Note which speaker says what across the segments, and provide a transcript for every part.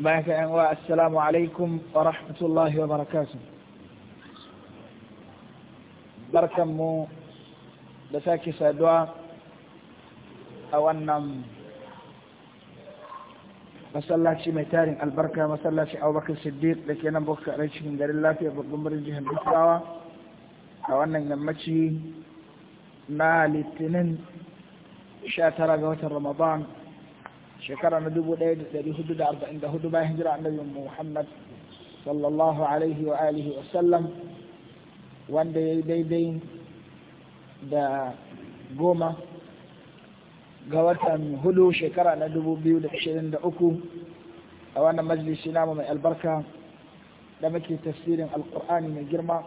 Speaker 1: bayan ka yanwa assalamu alaikum wa rahmatullahi wa barkan barkanmu da sake saduwa a wannan masallaci mai tarin albarka masallaci abubakar siddiq da ke nan bukka cikin garin lafiya babban birnin jihar bukarawa a wannan yammaci na litinin 19 ga watan ramadan shekara na 1444 bayan hijira annabi Muhammad sallallahu alaihi wa alihi wa sallam wanda ya yi daidai da goma ga watan hudu shekara na 2023 a wannan majalisi namu mai albarka da muke tafsirin alkur'ani mai girma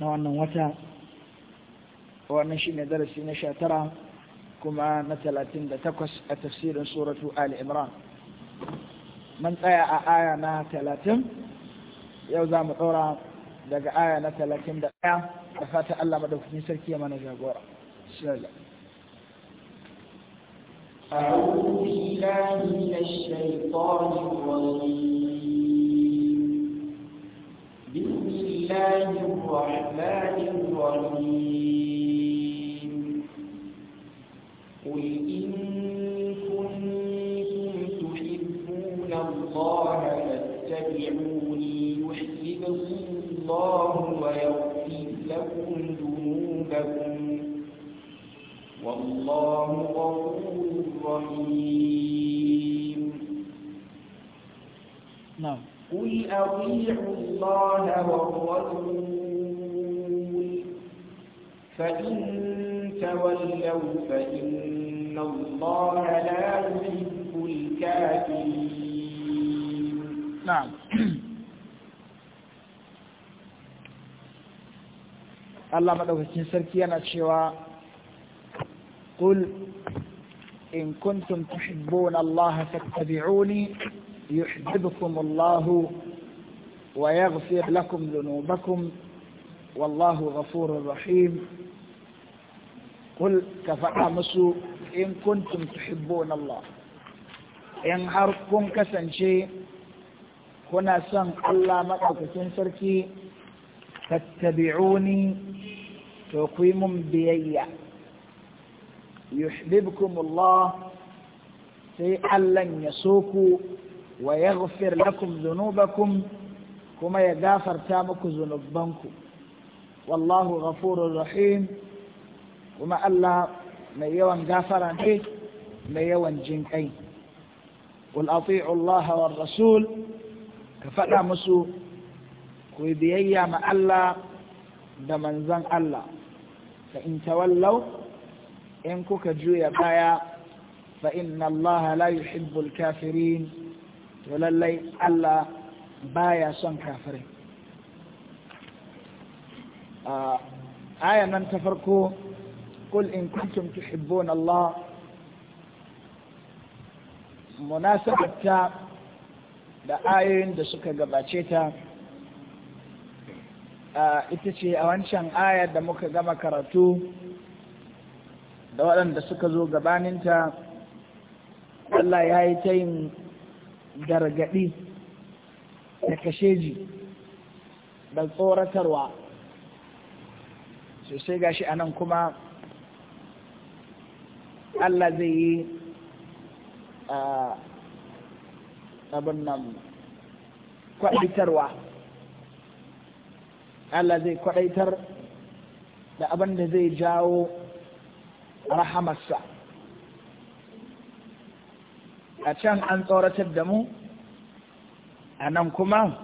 Speaker 1: na wannan wata wannan shi ne darasi na sha tara kuma na talatin da takwas a tafsirin suratu Ali Imran. Man tsaya a aya na talatin, yau za mu ɗora daga aya na talatin da ɗaya da fata Allah madaukakin sarki mana jagora. Shirya.
Speaker 2: بسم الله الرحمن الرحيم قل إن كنتم تحبون الله فاتبعوني يحببكم الله ويغفر لكم ذنوبكم والله غفور رحيم نعم قل أطيعوا الله والرسول فإن
Speaker 1: تولوا فإن إن الله لا يحب الكافرين نعم الله ما sarki yana قل إن كنتم تحبون الله فاتبعوني يحببكم الله ويغفر لكم ذنوبكم والله غفور رحيم قل كفأ مسو إن كنتم تحبون الله إن هاركم كسن شيء هنا سن قل ما كسن فاتبعوني تقيم بيي يحببكم الله في لن يسوكوا ويغفر لكم ذنوبكم كما يغفر تامك ذنوبكم والله غفور رحيم kuma Allah mai yawan gafara ne mai yawan jinkai qul ati'u Allah war rasul ka faɗa musu ku biyayya ma Allah da manzon Allah ta in tawallau in kuka juya baya fa inna Allah la yuhibbul kafirin to lallai Allah baya son kafirai ah, aya nan ta farko قل إن كنتم تحبون الله da ayoyin da suka gabace ta ita ce a wancan aya da muka gama karatu da waɗanda suka zo gabaninta Allah ya yi ta yin gargaɗi da kasheji da tsoratarwa sosai gashi a nan kuma Allah zai yi abin nan kwaɗaitarwa Allah zai kwaɗaitar da abin da zai jawo rahamarsa a can an tsoratar da mu a nan kuma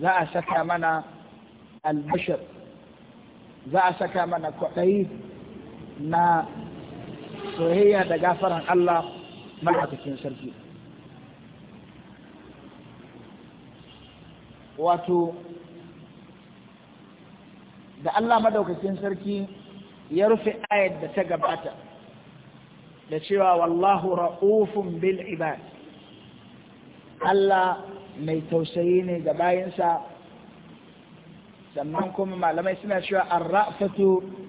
Speaker 1: za a saka mana albashir za a saka mana kwaɗayi na soyayya da gafaran Allah maɗaukakin sarki wato da Allah madaukakin sarki ya rufe ayat da ta gabata da cewa wallahu ra'ufun bil ibad Allah mai tausayi ne ga bayansa sannan kuma malamai suna cewa ra'fatu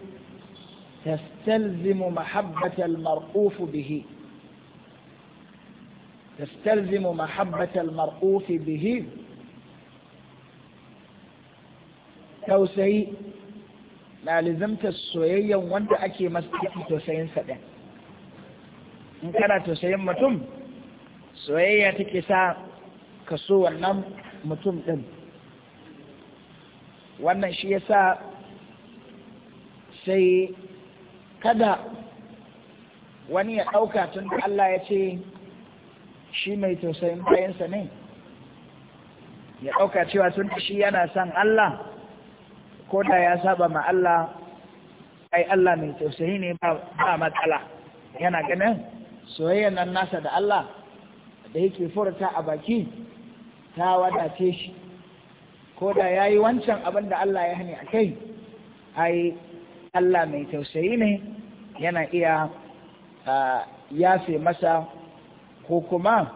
Speaker 1: تستلزم محبة المرؤوف به تستلزم محبة المرؤوف به توسعي ما لزمت السويية وانت أكي مسكت توسعين سدا إن كان توسعين متم سوية تكسا كسو النم متم دم وانا شيسا سي kada wani ya ɗauka tun da Allah ya ce shi mai tausayin bayansa ne ya ɗauka cewa tun da shi yana son Allah ko da ya saba ma Allah ai Allah mai tausayi ne ba matsala yana ganin soyayyar nan nasa da Allah da yake furta a baki ta wadace shi ko da ya yi wancan abin da Allah ya hani a kai ai Allah mai tausayi ne yana iya yafe masa ko kuma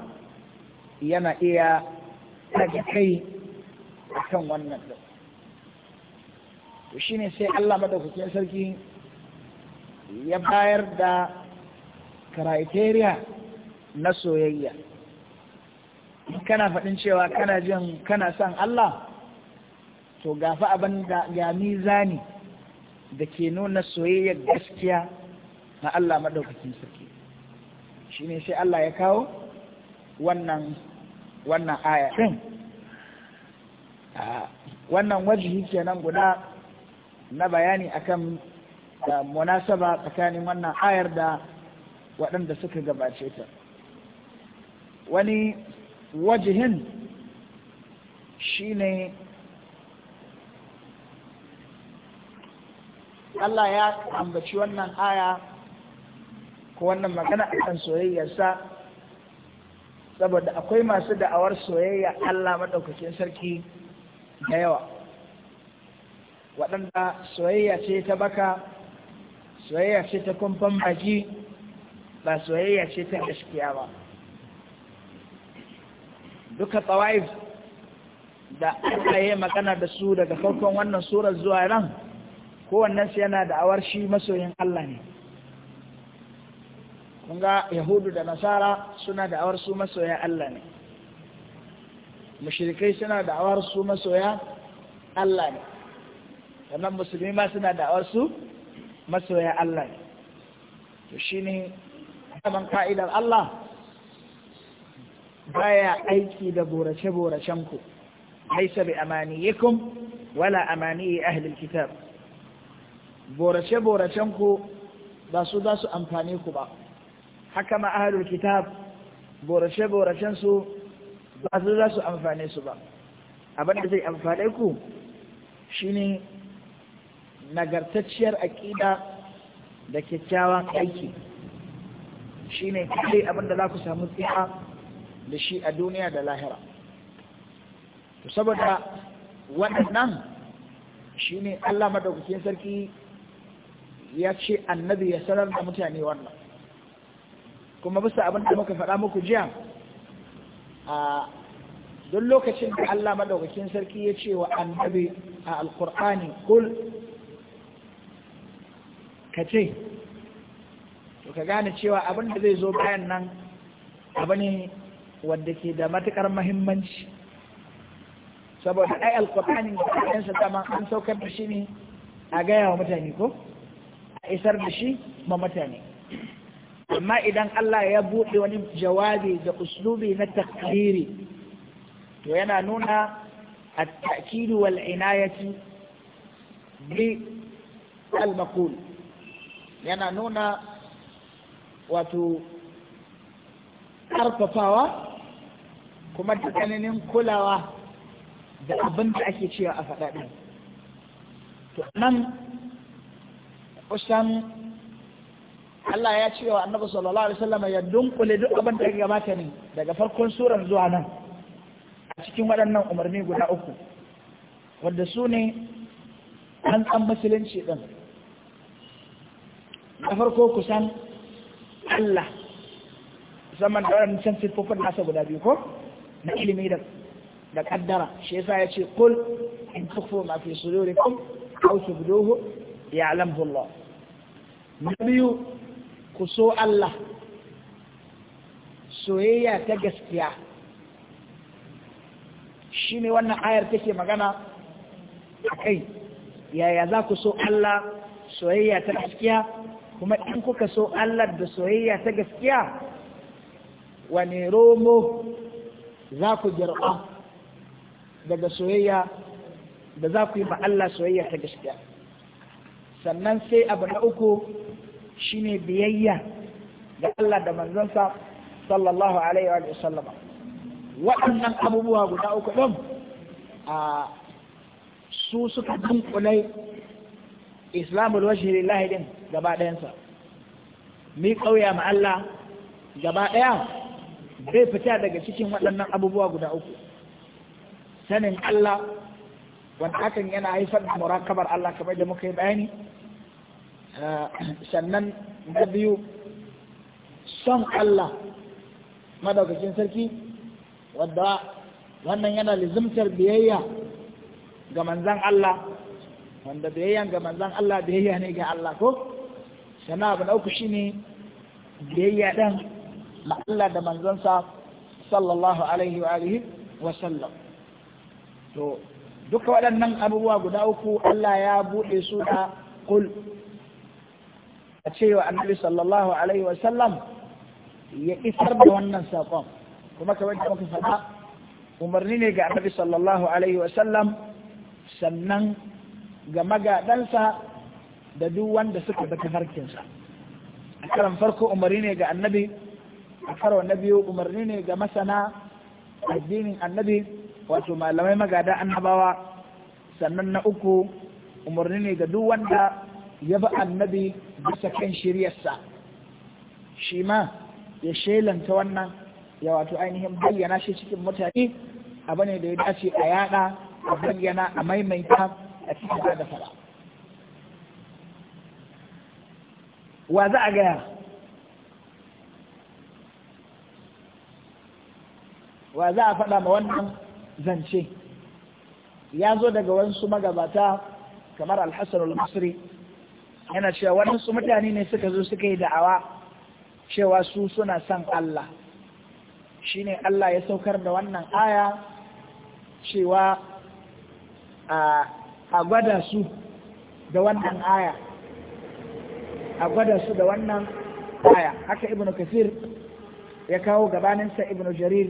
Speaker 1: yana iya ɗaga kai a kan wannan to shi ne sai Allah madaukakin sarki ya bayar da criteria na soyayya kana faɗin cewa kana jin kana son Allah to gafa abin da ga mizani da ke nuna soyayyar gaskiya na Allah maɗaukakin sarki shi ne sai Allah ya kawo wannan wannan aya ɗin wannan wajihi kenan guda na bayani akan munasaba tsakanin wannan ayar da waɗanda suka gabace ta wani wajihin shi ne Allah ya ambaci wannan aya ko wannan magana akan soyayyarsa saboda akwai masu da'awar soyayya Allah maɗaukakin sarki da yawa waɗanda soyayya ce ta baka soyayya ce ta kumfan baki ba soyayya ce ta gaskiya ba duka tsawa'if da aka yi magana da su daga farkon wannan surar zuwa nan kowannen su yana da'awar shi masoyin Allah ne ga yahudu da nasara suna da'awar su masoya Allah ne mushrikai suna da'awar su masoya Allah ne sannan musulmi ma suna da'awar su masoya Allah ne to shi ne kaman ka'idar Allah baya aiki da borace-boracen ku laisa bi amaniyikum wala amaniyi ahlul kitab borace-boracen ku ba su za su amfane ku ba haka ma ahalul kitab borace-boracen su ba su za su amfane su ba abin da zai amfane ku shine nagartacciyar aƙida da kyakkyawan aiki shine kai abin da za ku samu tsiha da shi a duniya da lahira saboda waɗannan shine Allah madaukakin sarki ya ce annabi ya sanar da mutane wannan kuma bisa abin da muka faɗa muku jiya a don lokacin da Allah madaukakin sarki ya ce wa annabi a alkur'ani kul ka ce to ka gane cewa abin da zai zo bayan nan abu ne wanda ke da matukar mahimmanci saboda ai alkur'ani da an saukar da shi ne a gaya wa mutane ko isar da shi ma mutane amma idan Allah ya buɗe wani jawabi da uslubi na takdiri to yana nuna a bi al maqul yana nuna wato ƙarfafawa kuma tsananin kulawa da abin da ake cewa a faɗaɗin to nan kusan Allah ya ce wa annabi sallallahu alaihi wasallam ya dunkule duk abin da ya gabata ne daga farkon surar zuwa nan a cikin waɗannan umarni guda uku wanda su ne an ɗan musulunci ɗin na farko kusan Allah saman da waɗancan siffofin nasa guda biyu ko na ilimi da da kaddara shi yasa ya ce kul in tukfu ma fi sudurikum aw tubduhu ya'lamuhu Allah na biyu ku so Allah soyayya ta gaskiya shi ne wannan ayar take magana a kai yaya za ku so Allah soyayya ta gaskiya kuma in kuka so Allah da soyayya ta gaskiya wani romo za ku daga soyayya da za ku yi ma Allah soyayya ta gaskiya sannan sai abu na uku shine biyayya ga Allah da manzansa sallallahu alaihi wa sallama waɗannan abubuwa guda uku ɗin a su suka dunkulai islamul wajhi lillahi din gaba ɗayansa mi ƙauya ma Allah gaba ɗaya bai fita daga cikin waɗannan abubuwa guda uku sanin Allah wanda hakan yana haifar da murakabar Allah kamar da muka yi bayani Eh, sannan na biyu son Allah madaukakin sarki wadda wannan yana lizimtar biyayya ga manzan Allah wanda biyayya ga manzan Allah biyayya ne ga Allah ko sana abu na uku ne biyayya ɗan ma Allah da manzansa sallallahu alaihi wa alihi wa sallam to duka waɗannan abubuwa guda uku Allah ya buɗe su da kul a cewa annabi sallallahu alaihi wasallam ya isar da wannan saƙon kuma kamar da muka faɗa umarni ne ga annabi sallallahu alaihi wasallam sannan ga magadansa da duk wanda suka bi tafarkinsa a karan farko umarni ne ga annabi a karo na biyu umarni ne ga masana addinin annabi wato malamai magada annabawa sannan na uku umarni ne ga duk wanda ya bi annabi bisa kan shiryarsa shi ma ya shelanta wannan ya wato ainihin bayyana shi cikin mutane abu ne da ya dace a yada a bayyana a maimaita a cikin da fara wa za a gaya wa za a faɗa ma wannan zance ya zo daga wasu magabata kamar alhassan al-masri yana cewa waɗansu mutane ne suka zo suka yi da'awa cewa su suna son Allah shi ne Allah ya saukar da wannan aya cewa a gwada su da wannan aya a gwada su da wannan aya haka ibn kasir ya kawo gabaninsa ibn jarir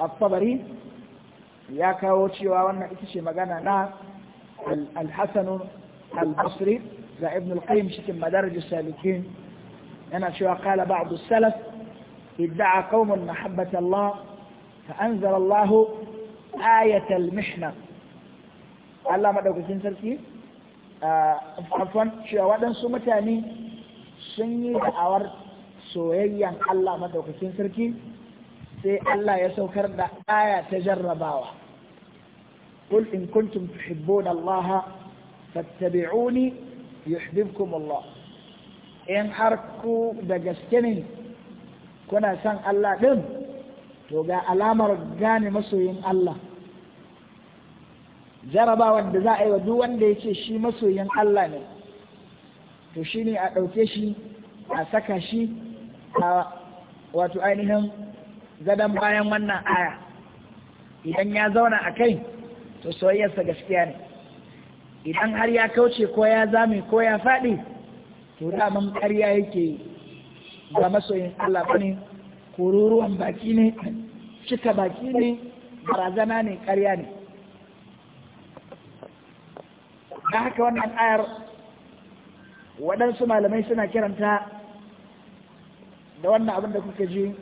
Speaker 1: al-tabari ya kawo cewa wannan ita ce magana na al-hasanu al-basri ga ibn al-qayyim cikin madarajus salikin yana cewa qala ba'd as-salaf idda'a qaumun mahabbata Allah fa anzala Allah ayat al sarki afwan cewa waɗansu mutane sun yi da'awar soyayyan Allah madaukakin sarki sai Allah ya saukar da aya ta jarrabawa قل إن كنتم تحبون الله فاتبعوني yuhibbukum Allah in har ku da gaske ne kuna son Allah din to ga alamar gane masoyin Allah jarabawar da za a yi wa duk wanda ya ce shi masoyin Allah ne to shi ne a ɗauke shi a saka shi a wato ainihin gadon bayan wannan aya idan ya zauna a kai to soyayyarsa gaskiya ne idan har ya kauce ko ya zame ko ya faɗi to daman ƙarya yake ga masoyin Allah bane kururuwan baki ne cika baki ne barazana ne ƙarya ne da haka wannan ayar waɗansu malamai suna kiranta da wannan abin da kuka ji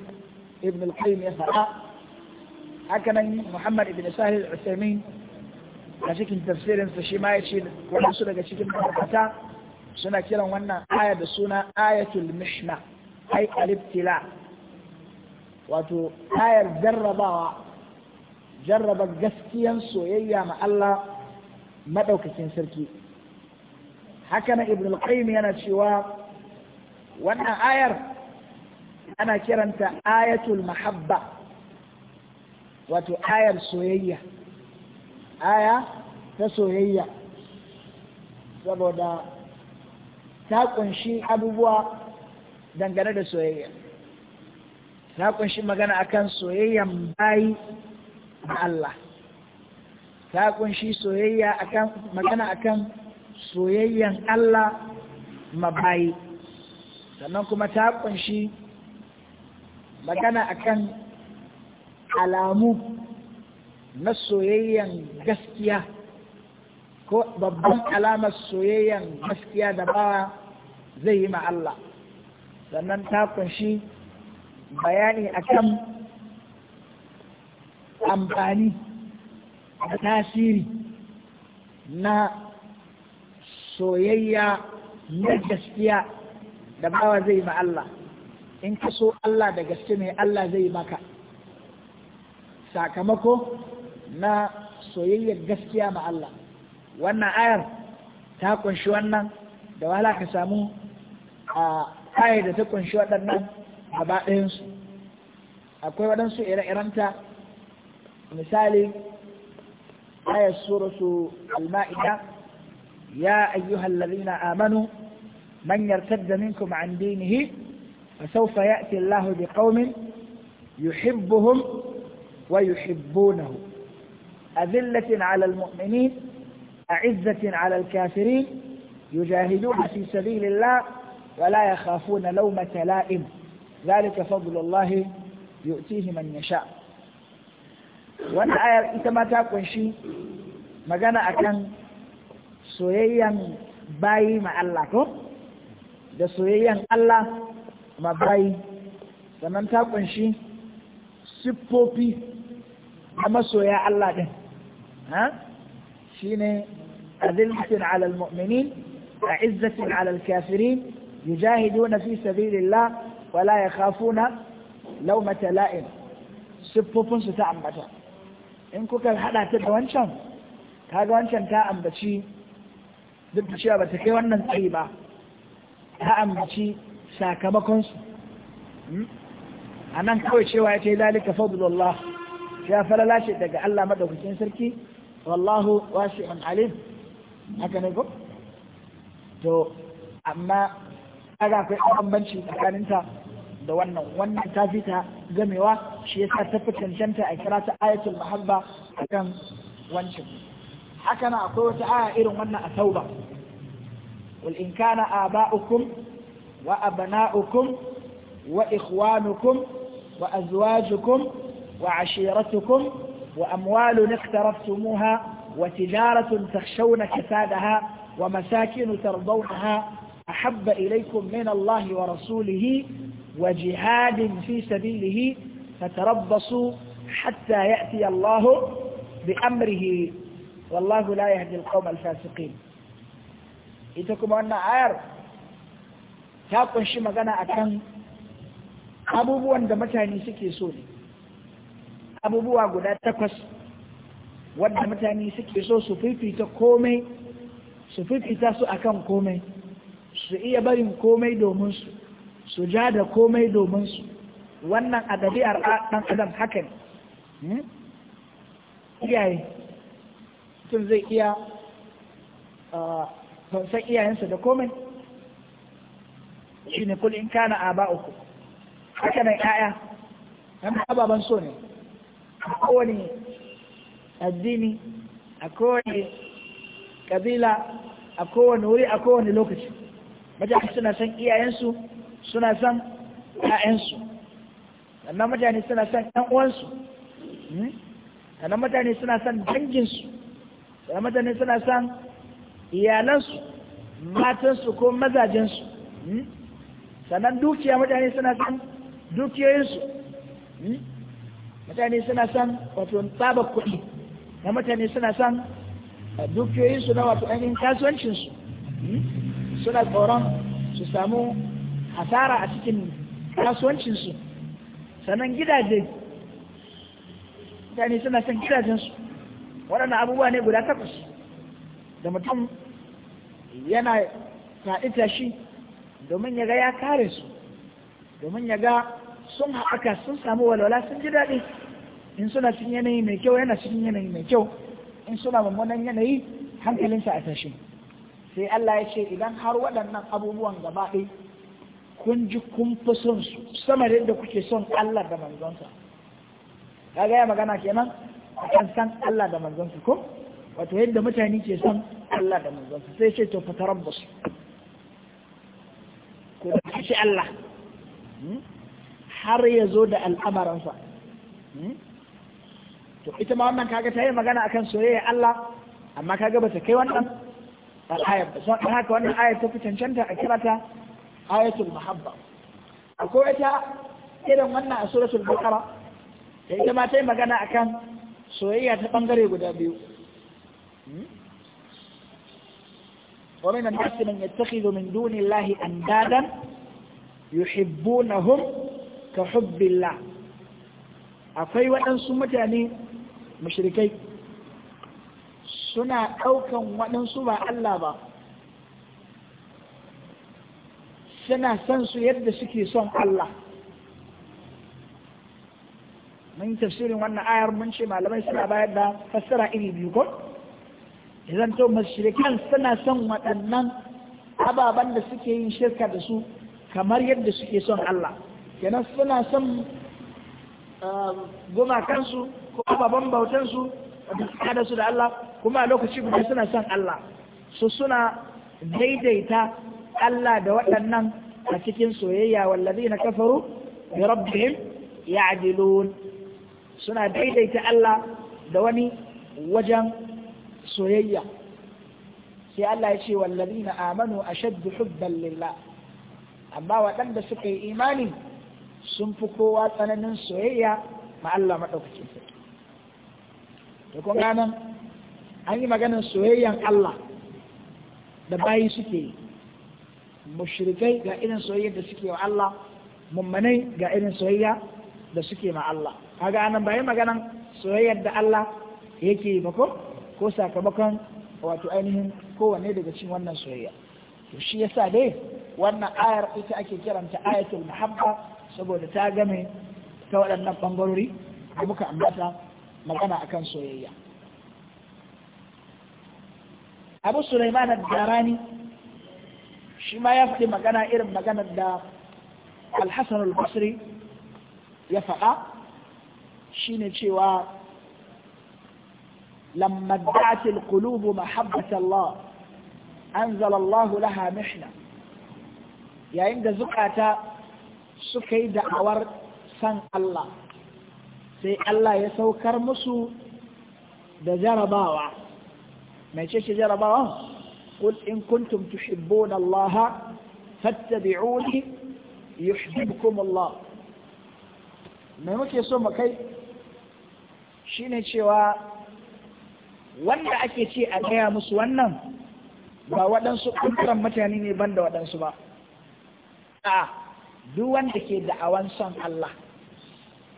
Speaker 1: ibn al-qayyim ya faɗa haka muhammad ibn sahih al-usaimin a cikin tafsirinsa shi ma ya ce waɗansu daga cikin mabata suna kiran wannan aya da suna ayatul mishna ai aliftila wato ayar jarrabawa jarraba gaskiyan soyayya ma Allah maɗaukakin sarki haka na ibn al-qayyim yana cewa wannan ayar ana kiranta ayatul mahabba wato ayar soyayya aya ta soyayya saboda ta kunshi abubuwa dangane da soyayya ta kunshi magana akan soyayyan bayi da Allah ta kunshi soyayya akan magana akan soyayyan Allah bayi sannan kuma ta kunshi magana akan alamu na soyayyan gaskiya ko babban alamar soyayyan gaskiya da bawa zai yi ma sannan ta kunshi bayani akan amfani da tasiri na soyayya na gaskiya da bawa zai ma Allah in ka so Allah da gaske mai Allah zai maka sakamako na soyayyar gaskiya ma Allah wannan ayar ta kunshi wannan da wala ka samu a ayar da ta kunshi waɗannan a baɗayensu akwai waɗansu ire-irenta misali ayar surasu al-ma'ida ya ayyuhal ladina amanu man yartadda minkum an dinihi fasawfa ya'ti Allahu biqaumin yuhibbuhum wa yuhibbunahu أذلة على المؤمنين أعزة على الكافرين يجاهدون في سبيل الله ولا يخافون لومة لائم ذلك فضل الله يؤتيه من يشاء wannan ayar ita ma ta kunshi magana akan soyayyan bayi ma Allah ko da soyayyan Allah ma bayi sannan ta kunshi siffofi a masoya Allah ɗin. ha shine azillatin ala almu'minin a'izzatin ala alkafirin yujahiduna fi sabilillah wala yakhafuna lawmata la'im siffofin su ta ambata in kuka hada ta da wancan kaga wancan ta ambaci duk da cewa bata kai wannan tsayi ba ta ambaci sakamakon a nan kawai cewa ya ce zalika fadlullah ya daga Allah madaukakin sarki wallahu wasi'un alim haka ne ko to amma kaga akwai bambanci tsakaninta da wannan wannan ta fi ta gamewa shi yasa ta fi cancanta a kira ta ayatul mahabba akan wancan haka na akwai wata aya irin wannan a tauba wal in kana aba'ukum wa abna'ukum wa ikhwanukum wa azwajukum wa ashiratukum وأموال اقترفتموها وتجارة تخشون كسادها ومساكن ترضونها أحب إليكم من الله ورسوله وجهاد في سبيله فتربصوا حتى يأتي الله بأمره والله لا يهدي القوم الفاسقين إتكم أن آير تاقوا الشمغانا أكن أبوبوا da mutane suke so abubuwa guda takwas wadda mutane suke so su fifita komai su fifita su akan komai su iya barin komai domin su su ja da komai domin su wannan a dabi'ar ɗan adam haka ne hmm? iyaye tun zai iya fansan iyayensa da komai shi ne kul in kana a uku? haka nan 'ya'ya ba ababen so ne a kowane addini a kowane kabila a kowane wuri a kowane lokaci mutane suna san iyayensu suna san ƴaƴansu sannan mutane suna san ƴan uwansu hmm? sannan mutane suna san danginsu sannan mutane suna san iyalansu matansu ko mazajensu hmm? sannan dukiya mutane suna san dukiyoyinsu hmm? mutane suna son wato tsaba kuɗi na mutane suna son eh, dukiyoyinsu na wato ainihin kasuwancinsu hmm? suna tsoron su samu hasara a cikin kasuwancinsu sannan gidaje mutane suna son gidajensu waɗannan abubuwa ne guda takwas da mutum yana faɗi tashi domin ya ga ya kare su domin ya ga sun haɓaka sun samu walwala sun ji daɗi in suna cikin yanayi mai kyau yana cikin yanayi mai kyau in suna mummunan yanayi hankalinsa a tashi sai Allah ya ce idan har waɗannan abubuwan gaba ɗai kun ji kun fi son su sama da yadda kuke son Allah da manzonsa Ka gaya magana kenan kan san Allah da manzonsa ko wato yadda mutane ke son Allah da manzonsa sai ce to fatarabbas ku da Allah hmm? har ya zo da al'amaransa hmm? to ita ma wannan kaga ta magana akan soyayya Allah amma kaga bata kai wannan al'ayar ba son haka wannan ayar ta fi cancanta a kirata ayatul muhabba akwai ita irin wannan a suratul baqara da ita ma ta magana akan soyayya ta bangare guda biyu ومن الناس من يتخذ من دون الله أندادا يحبونهم ka hubbilla akwai waɗansu mutane mashirikai suna ɗaukan waɗansu ba Allah ba suna son su yadda suke son Allah mun tafsirin wannan ayar mun ce malamai suna bayar da fassara iri biyu ko idan to mashirikan suna son waɗannan ababen da suke yin shirka da su kamar yadda suke son Allah kenan suna son um, gumakansu ko ababen bautansu da su da Allah kuma a lokaci guda suna son Allah su suna daidaita Allah da waɗannan a cikin soyayya wallazi na kafaru bi rabbihim ya'dilun suna daidaita Allah da wani wajen soyayya sai Allah ya ce wallazi na amanu ashaddu hubban lillah amma waɗanda suka yi imani sun fi kowa tsananin soyayya ma Allah maɗaukacin sarki da kun ganin an yi maganin soyayyan Allah da bayi suke yi mushrikai ga irin soyayya da suke wa Allah mummanai ga irin soyayya da suke ma Allah kaga anan bayi maganan soyayyar da Allah yake yi ko sakamakon wato ainihin kowanne daga cin wannan soyayya to shi yasa dai wannan ayar ita ake kiranta ayatul muhabba saboda ta game ta waɗannan ɓangarori da muka ambata magana akan soyayya abu suleiman darani shi ma ya faɗi magana irin magana da alhassan al-basri ya faɗa shi ne cewa لما ادعت القلوب محبة الله أنزل الله لها محنة يعني عند زكاة suka yi da'awar san Allah sai Allah ya saukar musu da jarabawa mai ce jarabawa قل in كنتم تحبون الله فاتبعوني يحببكم الله mai muke so mu kai shine cewa wanda ake ce a gaya musu wannan ba waɗansu ƙunturan mutane ne banda waɗansu ba a duk wanda ke da'awan son Allah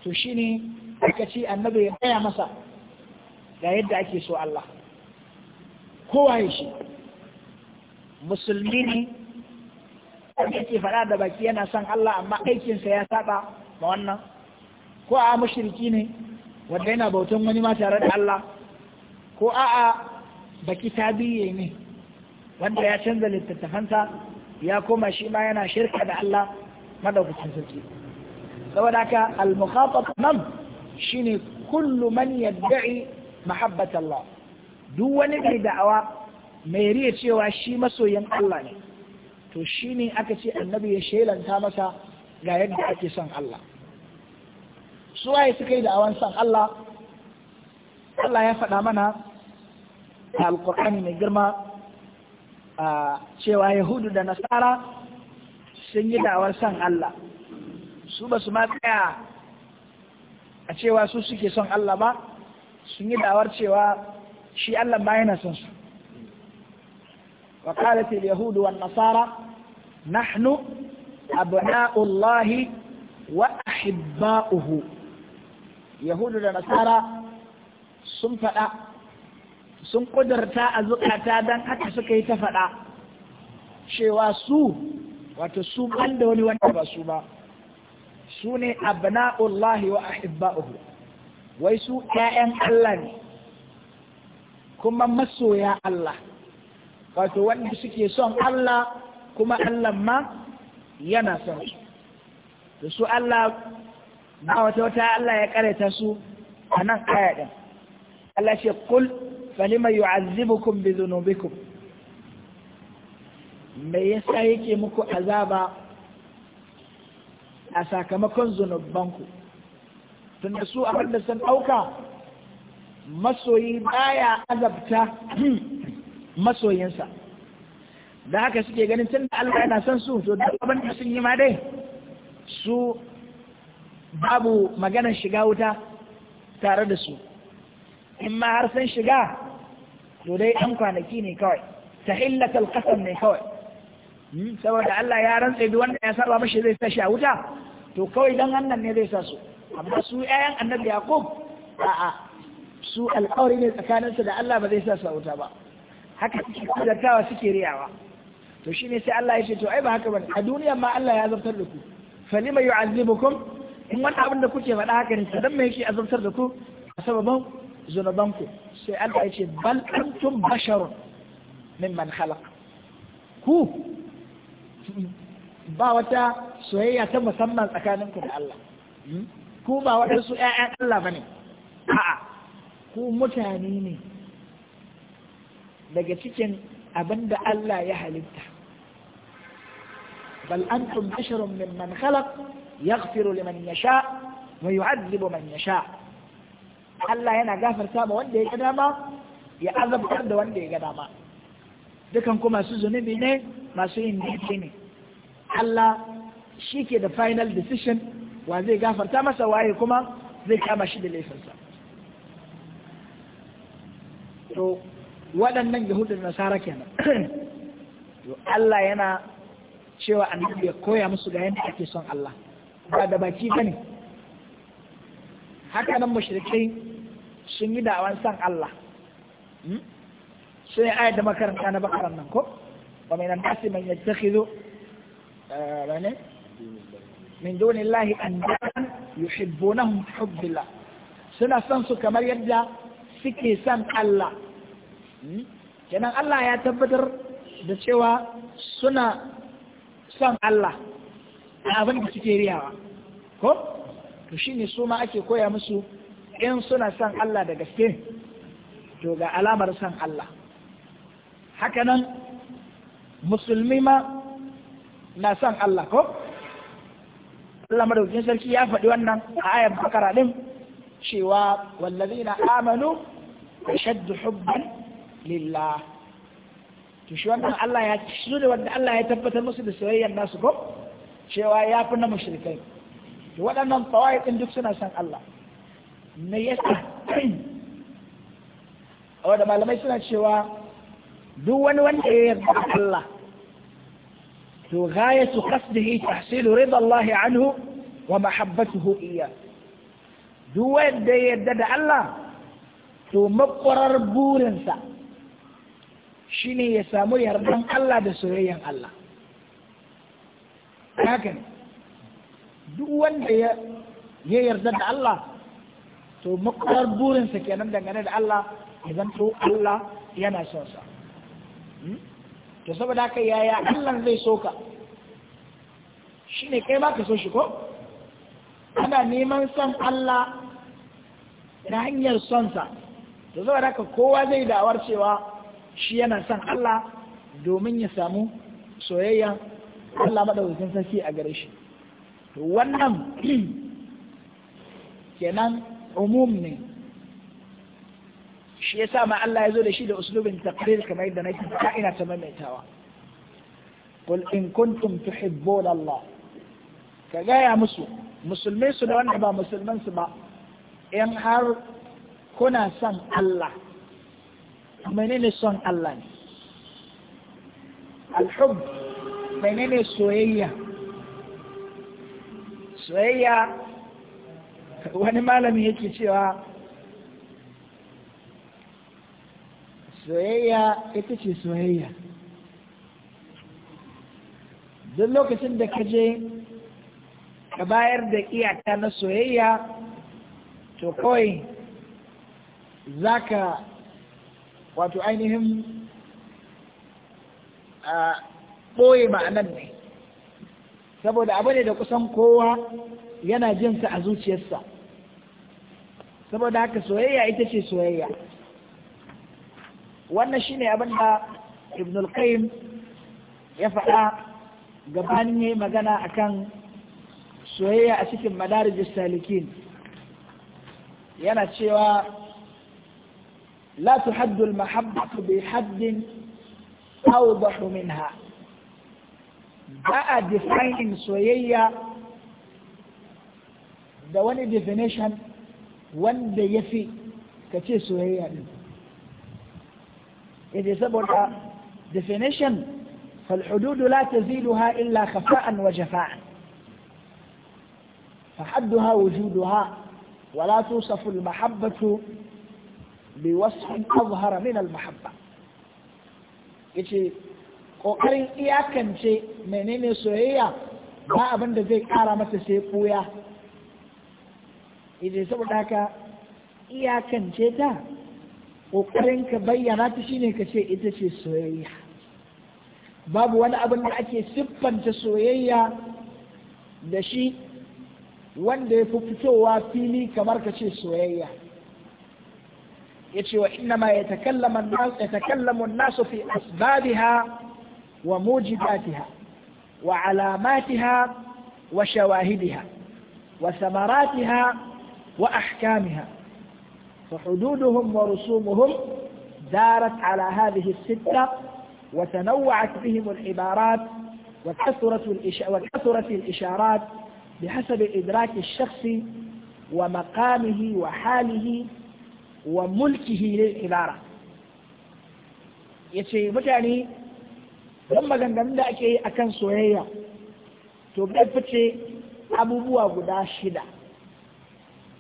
Speaker 1: to shine aka ce annabi ya gaya masa ga yadda ake so Allah kowa ya shi musulmi ne wanda ke faɗa da baki yana son Allah amma aikinsa ya saba ma wannan ko a mushriki ne wanda yana bautan wani ma tare da Allah ko a'a baki tabiye ne wanda ya canza littattafansa ya koma shi ma yana shirka da Allah madaukakin sarki saboda haka al-mukhatab shine kullu man yad'i mahabbat Allah duk wani mai da'awa mai riya cewa shi masoyin Allah ne to shine aka ce annabi ya shelanta masa ga yadda ake son Allah su waye suka yi da'awan son Allah Allah ya faɗa mana a alƙur'ani mai girma cewa yahudu da nasara sun yi dawar son Allah su ba su ma tsaya a cewa su suke son Allah ba sun yi dawar cewa shi Allah ba yana son su wa qalat al wa nasara nahnu abna'u Allah wa ahibba'uhu yahudu da nasara sun faɗa sun ƙudurta a zukata don haka suka yi ta faɗa cewa su wato su ban da wani wanda ba su ba su ne abna'ullahi wa ahibba'uhu wai su ƴaƴan Allah ne kuma masoya Allah wato wanda suke son Allah kuma Allah ma yana son su da su Allah ba wata wata Allah ya karanta su a nan kaya ɗin Allah ce kul falima yu'azzibukum bi dhunubikum Mai yasa yake muku azaba a sakamakon tun tunda su abin da sun ɗauka masoyi baya azabta masoyinsa da haka suke ganin tun da Allah yana son su to da abin da sun yi ma dai su babu maganar shiga wuta tare da su in ma har sun shiga to dai ɗan kwanaki ne kawai ta hillatal ƙasar ne kawai saboda Allah ya rantse duk wanda ya saba mashi zai tashi a wuta to kawai dan annan ne zai sa su amma su ƴaƴan annabi Yaqub a'a su alƙawari ne tsakaninsu da Allah ba zai sa su a wuta ba haka suke kudantawa suke riyawa to shine sai Allah ya ce to ai ba haka bane a duniya ma Allah ya zartar da ku falima yu'azzibukum in wani abin da kuke faɗa haka ne dan me yake azabtar da ku a sababan zunubanku sai Allah ya ce bal antum basharun mimman khalaq ku ba wata soyayya ta musamman tsakaninku da Allah hmm? ku ba waɗansu ‘ya'yan Allah ba ne a'a ku mutane ne daga cikin abin da Allah ya halitta bal antum basharun mimman khalaq ya liman yasha wa yu'adhibu man yasha Allah yana gafarta ma wanda ya ga dama ya azabtar da wanda ya ga dama dukan ku masu zunubi ne masu yin daidai ne Allah shi ke da final decision wa zai gafarta masa waye kuma zai kama shi da laifinsa to waɗannan yahudu da nasara kenan to Allah yana cewa annabi ya koya musu ga yadda ake son Allah ba da baki bane haka nan mushrikai sun yi da'awan san Allah hmm? sai ne ayat da makaranta na bakaran nan ko wa min an-nasi man yattakhidhu eh, ne min dunillahi andadan yuhibbunahum hubbillah suna son su kamar yadda suke son Allah hmm? kenan Allah ya tabbatar da cewa suna son Allah a abin da suke riyawa ko to shine su ma ake koya musu in suna son Allah da gaske to ga alamar son Allah hakanan musulmi ma na son Allah ko Allah madaukakin sarki ya faɗi wannan a ayar bakara din cewa wallazina amanu ashaddu hubban lillah to shi wannan Allah ya shi ne wanda Allah ya tabbatar musu da soyayyar nasu ko cewa ya fi na mushrikai to waɗannan tawai din duk suna son Allah me yasa wanda malamai suna cewa duk wani wanda ya yarda Allah to su qasdihi tahsilu ridha Allah anhu wa mahabbatuhu iya duk wanda ya yarda da Allah to makwarar burinsa shi ne ya samu yardan Allah da soyayyan Allah haka duk wanda ya yarda da Allah to makwarar burinsa kenan dangane da Allah ya zanto Allah yana son sa to saboda haka yaya Allah zai so ka shine kai ba ka so shi ko ana neman son Allah na hanyar sonsa to saboda haka kowa zai da'awar cewa shi yana son Allah domin ya samu soyayya Allah madaukakin sarki a gare shi to wannan kenan umum ne shi yasa ma Allah ya zo da shi da uslubin taqrir kamar yadda nake ka ina ta maimaitawa qul in kuntum tuhibbuna Allah ka gaya musu musulmai su da wanda ba musulman su ba in har kuna son Allah menene son Allah ne alhub
Speaker 2: menene soyayya
Speaker 1: soyayya wani malami yake cewa soyayya ita ce soyayya duk lokacin da ka je ka bayar da iyaka na soyayya to kawai za ka wato ainihin ɓoye ma'anan ne saboda abu ne da kusan kowa yana jinsa a zuciyarsa saboda haka soyayya ita ce soyayya wannan shine abin da ibn al-qayyim ya faɗa gabanin yayi magana akan soyayya a cikin madarijus salikin yana cewa la tuhaddu al-mahabbatu bi haddin awdahu minha ba a defining soyayya da wani definition wanda ya fi ka ce soyayya ɗin إذ saboda definition فالحدود لا تزيلها إلا خفاء وجفاء فحدها وجودها ولا توصف المحبة بوصف أظهر من المحبة yace ƙoƙarin iyakance menene soyayya ba abin da zai ƙara mata sai ɓuya idan saboda haka iyakance ta ƙoƙarin ka bayyana ta shine ka ce ita ce soyayya babu wani abin da ake siffanta soyayya da shi wanda ya fi fitowa fili kamar ka ce soyayya ya ce wa innama ya takallamu nasu fi asbabiha wa mujibatiha wa alamatiha wa shawahidiha wa samaratiha wa ahkamiha فحدودهم ورسومهم دارت على هذه الستة وتنوعت بهم العبارات وكثرت الإشارات بحسب إدراك الشخص ومقامه وحاله وملكه للعبارة يتشي متعني لما كان da ake أكن a kan soyayya أبو bai fice abubuwa guda shida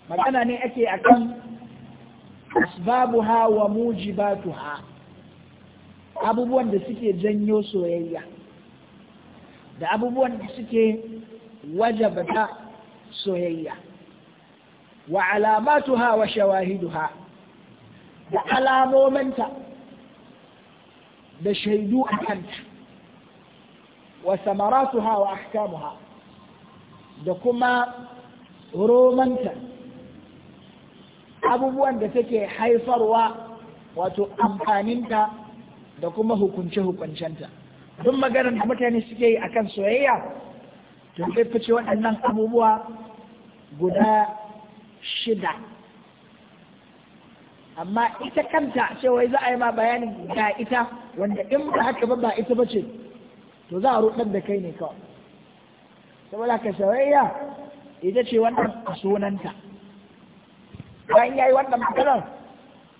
Speaker 1: أكن asbabuha wa mujibatuha abubuwan da suke janyo soyayya da abubuwan da suke wajabata soyayya wa alamatuha wa shawahiduha da alamomanta da shaidu a kanta wa samaratuha wa ahkamuha da kuma romanta abubuwan da take haifarwa wato amfaninta da kuma hukunce-hukuncenta duk maganar da mutane suke yi akan soyayya tun fice waɗannan abubuwa guda shida amma ita kanta cewa za a yi ma bayanin ga ita wanda in ba haka ba ba ita bace ce to za a rudar da kai ne kawai saboda ka soyayya ita ce wannan sunanta bayan ya yi wannan maganar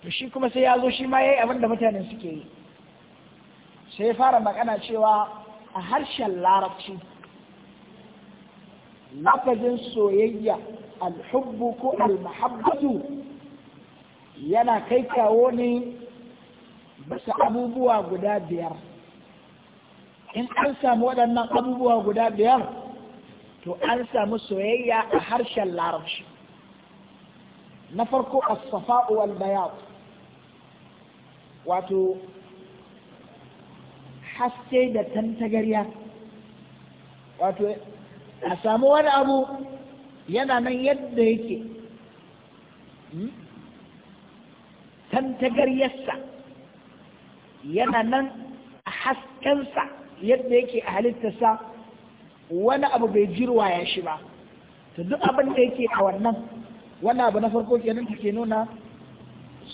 Speaker 1: to shi kuma sai ya zo shi ma ya yi abin da mutane suke yi sai ya fara magana cewa a harshen larabci lafazin soyayya alhubbu ko almahabbatu yana kai kawo ne basa abubuwa guda biyar in an samu waɗannan abubuwa guda biyar to an samu soyayya a harshen larabci na farko as-safa'u wal bayad wato haske da tantagariya wato a samu wani abu yana nan yadda yake hmm? tantagaryarsa yana nan a haskensa yadda yake a halittarsa wani abu bai jirwa ya shi ba to duk abin da yake a wannan wannan abu na farko kenan da ke nuna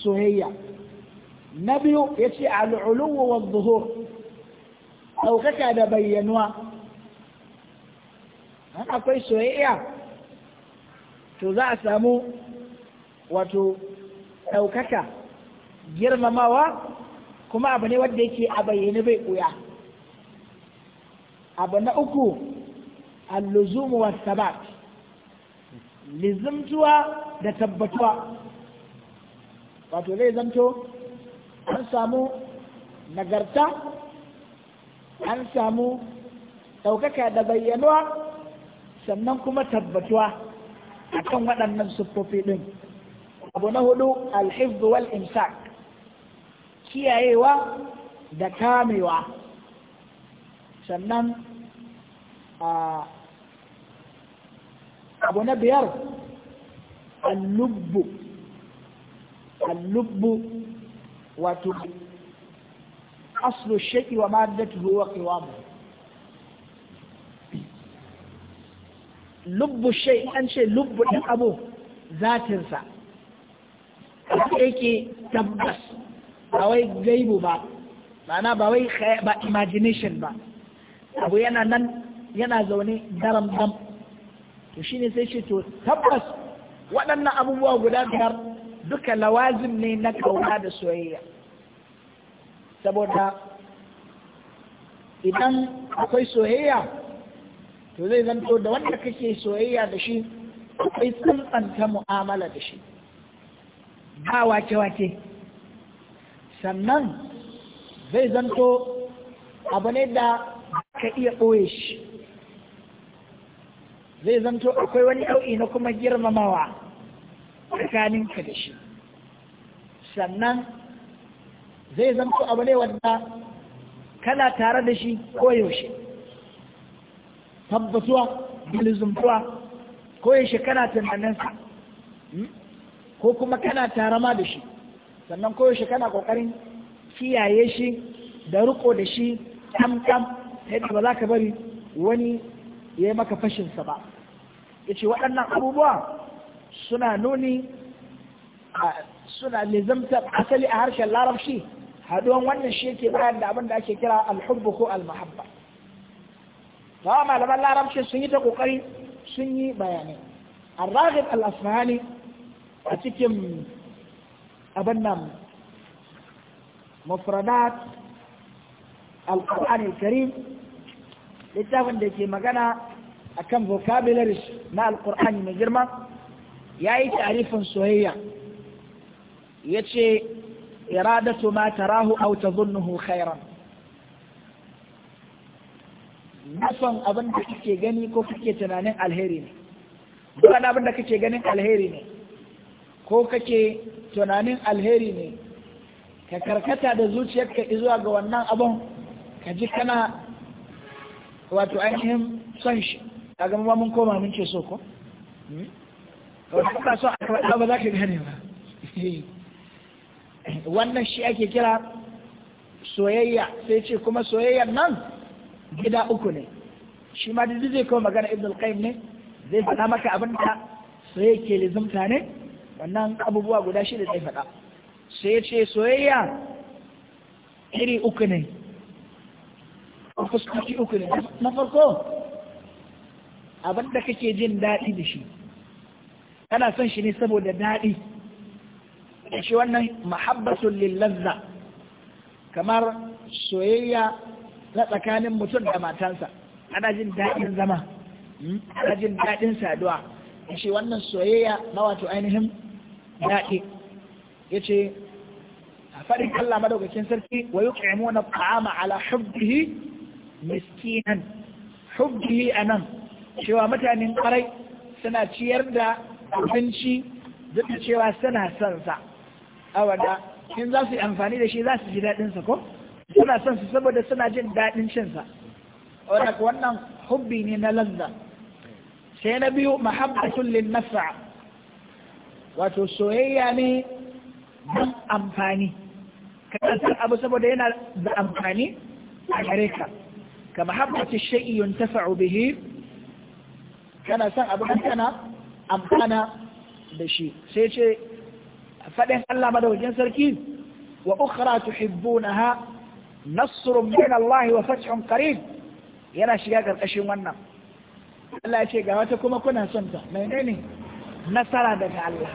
Speaker 1: soyayya na biyu ya ce al'uluwa wa zuhur ɗaukaka da bayyanuwa an akwai soyayya to za a samu wato ɗaukaka girmamawa kuma abu ne wanda yake a bayyane bai ƙuya abu na uku luzumu wa sabat lizimtuwa da tabbatuwa wato zai zamto an samu nagarta an samu ɗaukaka da bayyanuwa sannan kuma tabbatuwa a kan waɗannan siffofi ɗin abu na hudu alhifzu wal imsak kiyayewa da kamewa sannan a abu na biyar allubu allubu wato aslu shaki wa maddatu wa qiwamu lubbu shai an ce lubbu ɗin abu zatinsa yake tabbas ba wai gaibu ba ma'ana ba wai ba imagination ba abu yana nan yana zaune daram dam to ne sai ce to tabbas waɗannan abubuwa guda biyar duka lawazim ne na kauna da soyayya saboda idan akwai soyayya to zai zanto da wanda kake soyayya da shi akwai tsantsanta mu'amala da shi ba wake-wake sannan zai zanto abu ne da ka iya ɓoye shi zai zanto akwai wani ɗau'i na kuma girmamawa tsakaninka da shi sannan zai zanto abu ne wadda kana tare da shi koyaushe tabbatuwa bilizumtuwa koyaushe kana tunaninsa hmm? ko kuma kana tare ma da shi sannan koyaushe kana kokarin kiyaye shi da riko da shi tamtam ta yadda ba za ka bari wani ya yi maka fashinsa ba yace waɗannan abubuwa suna nuni suna nizamtar asali a harshen larabci haduwan wannan shi yake bayan da abin da ake kira alhubbu ko almahabba tawa malaman larabci sun yi ta kokari sun yi bayanai arragib al-asfahani a cikin abin nan mufradat al-qur'an al-karim littafin da ke magana akan vocabularis na alkur'ani mai girma ya yi tarifin soyayya ya ce iradatu ma tarahu aw tazunnuhu khairan nufin abin da kake gani ko kake tunanin alheri ne duk abin da kake ganin alheri ne ko kake tunanin alheri ne ka karkata da zuciyarka zuwa ga wannan abin ka ji kana wato ainihin son shi ka ga mun koma mun ce so ko hmm? ka so aka faɗa ba za ka gane ba wannan shi ake kira soyayya sai ce kuma soyayyar nan gida uku ne shi ma duk zai kawo magana ibn al-qayyim ne zai faɗa maka abin da soyayya ke lizumta ne wannan abubuwa guda da zai faɗa sai ce soyayya iri uku ne fuskoki uku ne na farko abin da kake jin daɗi da shi kana son shi ne saboda daɗi shi wannan mahabbatun lillazza kamar soyayya na tsakanin mutum da matansa ana jin daɗin zama hmm? ana jin daɗin saduwa shi wannan soyayya na wato ainihin daɗi ya ce a faɗin kala madaukakin sarki wa yi ƙaimuna ta'ama ala hubbihi miskinan hubbihi nan. cewa mutanen ƙwarai suna ciyar da abinci duk da cewa suna son sa awada in za su yi amfani da shi za su ji daɗinsa ko suna son su saboda suna jin daɗin cinsa wannan hubbi ne na lanza sai na biyu mahabbatun lin naf'a wato soyayya ne don amfani kasar abu saboda yana da amfani a gare ka ka mahabbatun shay'i yuntafa'u bihi kana son abu har kana amfana da shi sai ce faɗin Allah madaukakin sarki wa ukhra tuhibbunaha nasrun min Allah wa fathun qarib yana shiga karkashin wannan Allah ya ce ga wata kuma kuna son ta menene nasara daga Allah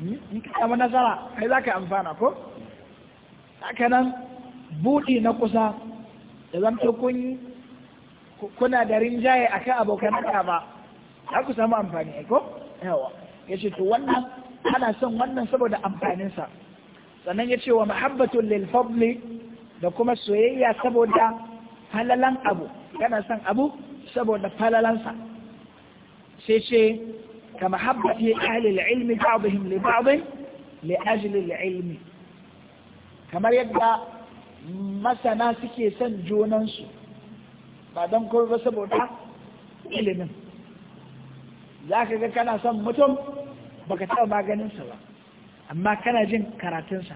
Speaker 1: hmm? in ka samu nasara kai zaka amfana ko haka nan buɗi na kusa da zanto kun kuna da rinjaye akan abokan ba za ku samu amfani ko yawa ya ce to wannan ana son wannan saboda amfaninsa sannan ya ce wa mahabbatun lil da kuma soyayya saboda falalan abu kana son abu saboda falalansa sai ce ka mahabbati ahli ilmi ba'dihim li ba'd li ajli ilmi kamar yadda masana suke son junansu ba don kuma ba saboda ilimin za ka ga kana son mutum baka taɓa maganinsa ba amma kana jin karatunsa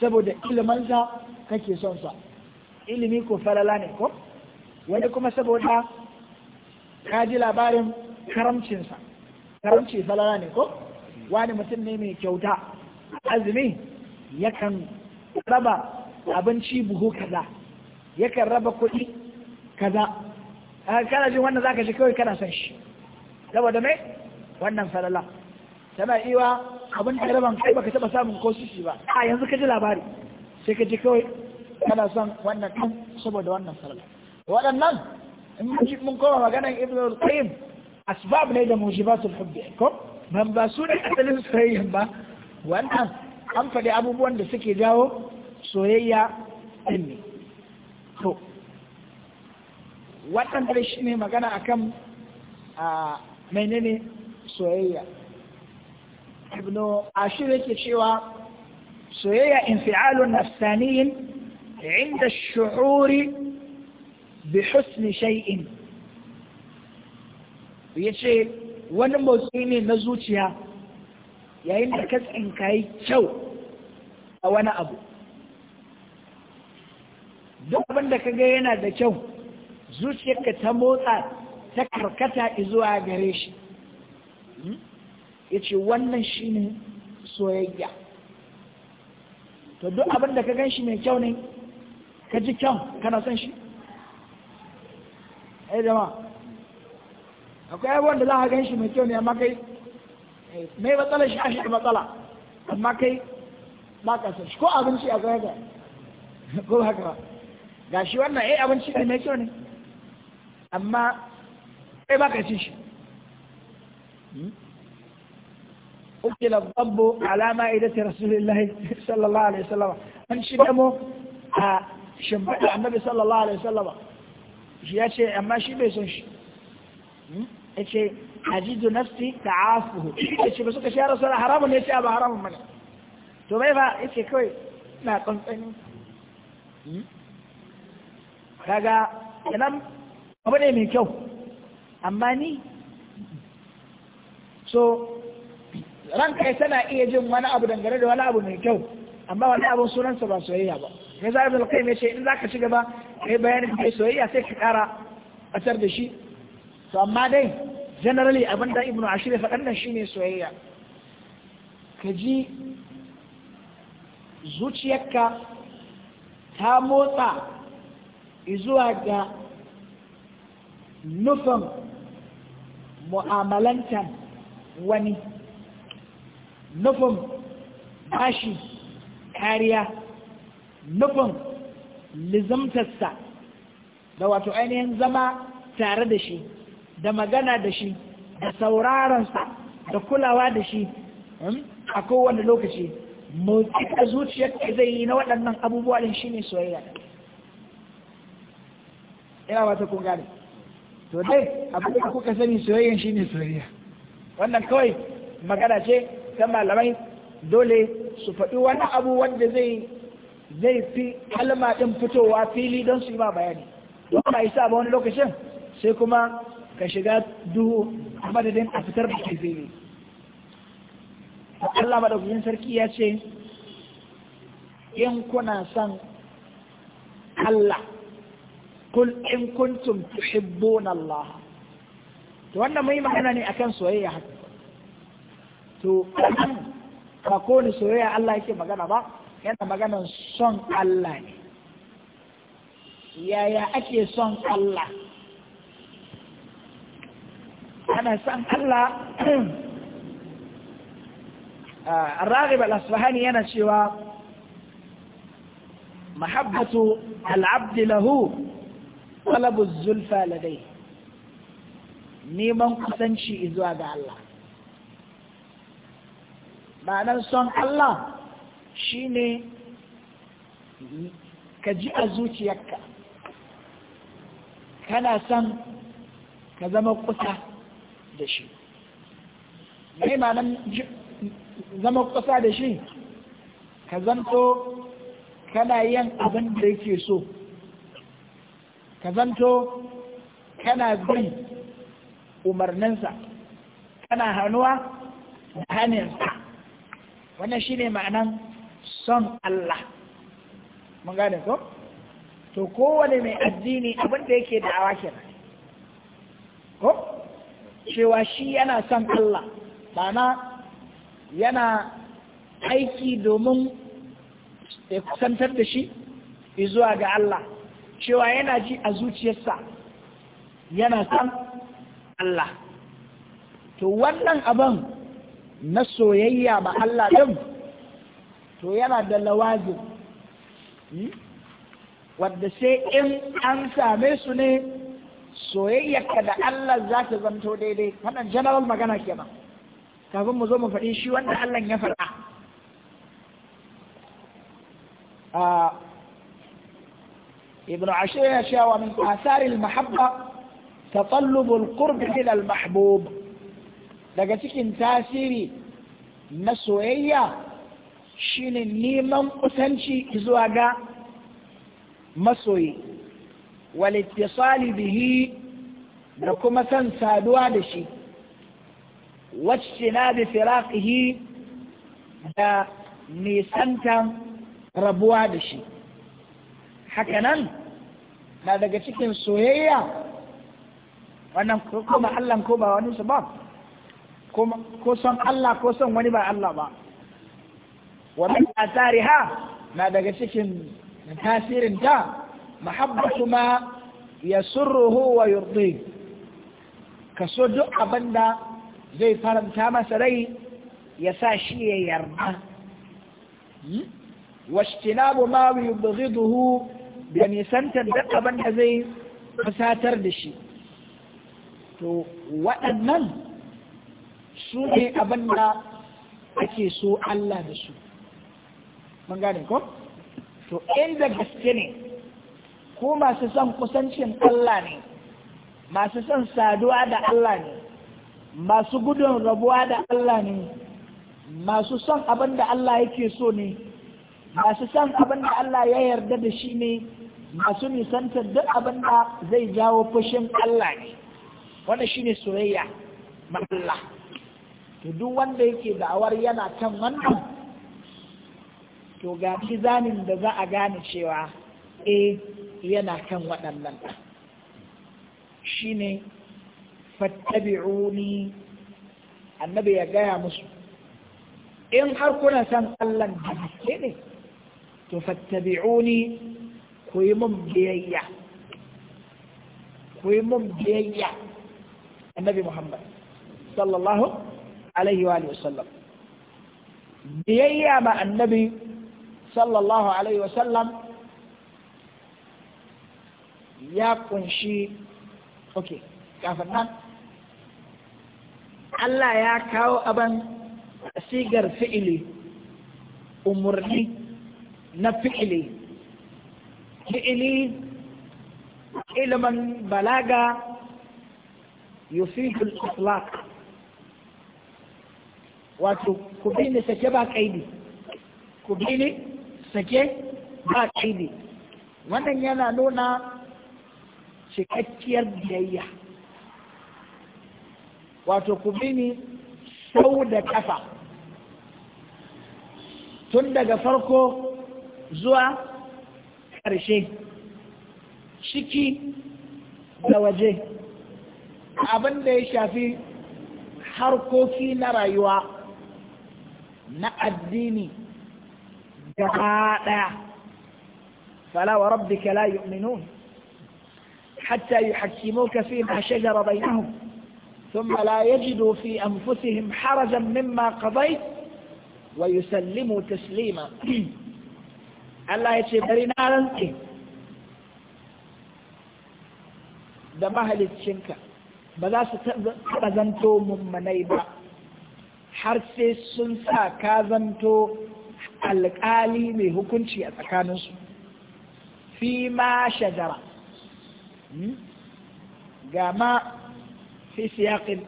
Speaker 1: saboda ilimansa kake son sa ilimi ko falala ne ko wani kuma saboda ka ji labarin karamcinsa karamci falala ne ko wani mutum ne mai kyauta azumi yakan raba abinci buhu kaza yakan raba kuɗi kaza kana jin wannan zaka ji kawai kana san shi saboda mai wannan falala tana iwa abin da raban kai baka taba samun ko sisi ba a yanzu ka ji labari sai ka ji kawai kana son wannan kan saboda wannan falala waɗannan in mun koma maganar ibn al-qayyim asbab ne da mujibatul hubbi ko ban ba su ne asalin soyayyan ba wannan an faɗi abubuwan da suke jawo soyayya ɗin ne to waɗanda shi ne magana akan kan menene soyayya ibnu ashir yake cewa soyayya infi'alun nafsaniyin inda shu'uri bi husni shay'in yace wani motsi ne na zuciya yayin da ka tsinkayi kyau a wani abu duk abin da ka ga yana da kyau zuciyarka ta motsa ta karkata zuwa gare shi ya ce wannan shi ne soyayya to duk abin da ka gan shi mai kyau ne ka ji kyau kana son shi ai eh, jama akwai abubuwan da za ka gan shi mai kyau ne amma kai eh, mai matsala shi a shi ashe matsala amma kai ba ka son shi ko abinci a gaya ko haka ba ga shi wannan ai eh, abinci ne mai kyau ne amma ka baka ci shi hmm? ukil al-dabbu ala ma'idati rasulillahi sallallahu alaihi wasallam an shi damo a shimfiɗa annabi sallallahu alaihi wasallam shi ya ce amma shi bai son shi hmm? ya ce ajidu nafsi ta'afuhu ya ce ba suka shi ya rasu haramun ne ce ba haramun mana to bai ba ya ce kawai na tsantsani hmm? kaga idan abu ne mai kyau amma ni so ranka ya tana iya jin wani abu dangane da wani abu mai kyau amma wani abun sunansa ba soyayya ba ya a alkai kai ce in za ka ci gaba ka yi bayanin kai soyayya sai ka kara ƙasar da shi to amma dai generally abin da ibnu ashir ya faɗan nan ne soyayya ka ji zuciyarka ta motsa izuwa ga nufin mu'amalantan wani nufin bashi kariya nufin lizamtarsa da wato ainihin zama tare da shi da magana da shi da sauraronsa da kulawa da shi hmm, a kowane lokaci motsi zuciyar da zai yi na waɗannan abubuwa shi ne soyayya ina wata to dai abin da kuka sani soyayya shine soyayya wannan kawai magana ce ta malamai dole su faɗi wani abu wanda zai zai fi kalma ɗin fitowa fili don su yi ma bayani don ba isa ba wani lokacin sai kuma ka shiga duhu a madadin a fitar da kai fili Allah madaukakin sarki ya ce in kuna son Allah kul in kuntum tuhibbuna Allah to wannan mai magana ne akan soyayya haka to ba ko ni soyayya Allah yake magana ba yana maganan son Allah ne yaya ake son Allah ana son Allah الراغب الأصفهاني ah, yana cewa mahabbatu al'abdi lahu talabu zulfa ladai neman kusanci zuwa ga Allah ma'anar son Allah ne ka ji a zuciyarka kana son ka zama kusa da shi mai ma'anar zama kusa da shi ka zanto kana yin abin da yake so ka zanto kana bin umarninsa kana hannuwa da hannunsa wannan shine ma'anan son Allah mun gane ko to kowane mai addini abinda yake da awa ko cewa shi yana son Allah ma'ana yana aiki domin ya kusantar da shi zuwa ga Allah cewa yana ji a zuciyarsa yana san Allah to wannan abin na soyayya ba Allah ɗin to yana da lawazin hmm? wadda sai in an same su ne soyayyarka da Allah za ta zanto daidai wannan general magana kenan kafin mu zo mu faɗi shi wanda Allah ya faɗa ah, ibn ashir yana cewa min asarin mahabba tatallubul qurbi ila al mahbub daga cikin tasiri na soyayya shine neman kusanci zuwa ga masoyi walittisali bihi da kuma san saduwa da shi wacce na da firaƙihi da nisantan rabuwa da shi hakanan na daga cikin soyayya wannan ko ba Allah ko ba wani su ba ko son Allah ko son wani ba Allah ba wa asari ha. na daga cikin tasirin ta mahabbatu ma yasurruhu wa yurdi ka so duk abinda zai faranta masa rai ya sa shi ya yarda hmm? washtinabu ma yubghiduhu da nisantar duk abin da zai fusatar da shi to waɗannan su ne abin da ake so Allah da su mun gane ko to inda gaske ne ko masu son kusancin Allah ne masu son saduwa da Allah ne masu gudun rabuwa da Allah ne masu son abin da Allah yake so ne masu son abin da Allah ya yarda da shi ne masu nisanta duk abin da zai jawo fushin Allah ne wanda shine soyayya ma Allah to duk wanda yake da'awar yana kan wannan to ga zanin da za a gane cewa e yana kan waɗannan Shi ne fattabi'uni annabi ya gaya musu in har kuna san Allah da ne to fattabi'uni ku yi mun biyayya ku yi mun biyayya annabi muhammad sallallahu alaihi wa sallam biyayya ma annabi sallallahu alaihi wa sallam ya kunshi ok kafin nan Allah ya kawo aban sigar fi'ili umarni na fi'ili fi'ili ilimin balaga yufidul islaq wato ku bi ni sake ba kaidi ku bi ni sake ba kaidi wannan yana nuna cikakkiyar biyayya wato ku bi ni sau da kafa tun daga farko zuwa karshe شكي da waje abin da ya shafi harkoki na rayuwa na addini ga فلا وربك لا يؤمنون حتى يحكموك فيما شجر بينهم ثم لا يجدوا في أنفسهم حرجا مما قضيت ويسلموا تسليما Allah ya ce bari na rantse da mahaliccinka ba za su taɓa zanto mummanai ba har sai sun sa ka zanto alƙali mai hukunci a tsakaninsu fi ma shajara hmm? ga ma fi siyaƙin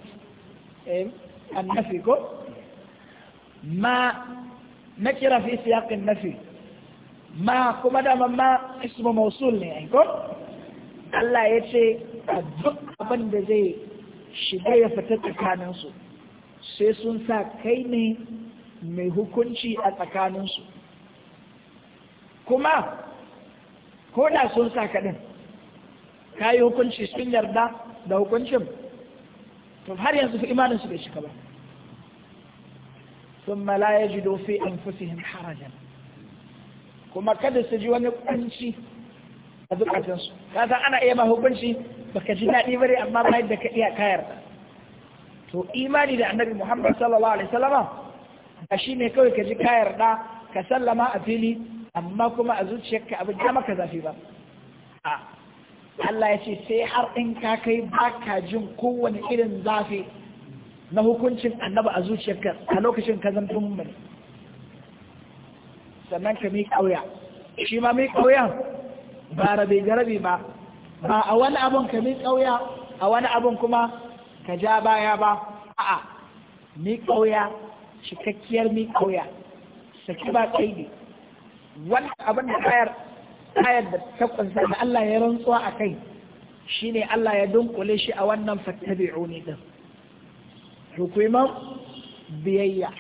Speaker 1: eh, annafi ko ma na kira fi siyaƙin nafi ma kuma da ma ismu mausul ne aiko Allah ya ce a duk abin da zai shiga ya fita tsakaninsu sai sun sa kai ne mai hukunci a tsakaninsu kuma ko da sun sa kaɗin ka yi hukunci sun yarda da hukuncin to har yanzu fi imaninsu bai shiga ba ثم لا يجدوا في أنفسهم harajen. kuma kada su ji wani kwanci a zukatansu ta san ana iya ma hukunci baka ji daɗi bare amma ba yadda ka iya kayar to imani da annabi muhammad sallallahu alaihi wasallama ba shi ne kawai ka ji kayar da ka sallama a fili amma kuma a zuciyarka abin ya maka zafi ba Allah ya ce sai har in ka kai baka jin kowane irin zafi na hukuncin annaba a zuciyarka a lokacin ka zanto mummuni sannan ka mi kauya shi ma mi kauyan ba rabe garabe ba ba a wani abun ka mi kauya a wani abun kuma ka ja baya ba a'a mi kauya cikakkiyar mi kauya saki ba kai ne wannan abin da ayar da ta kunsa da Allah ya rantsuwa a kai shine Allah ya dunkule shi a wannan fattabi'uni din hukuman biyayya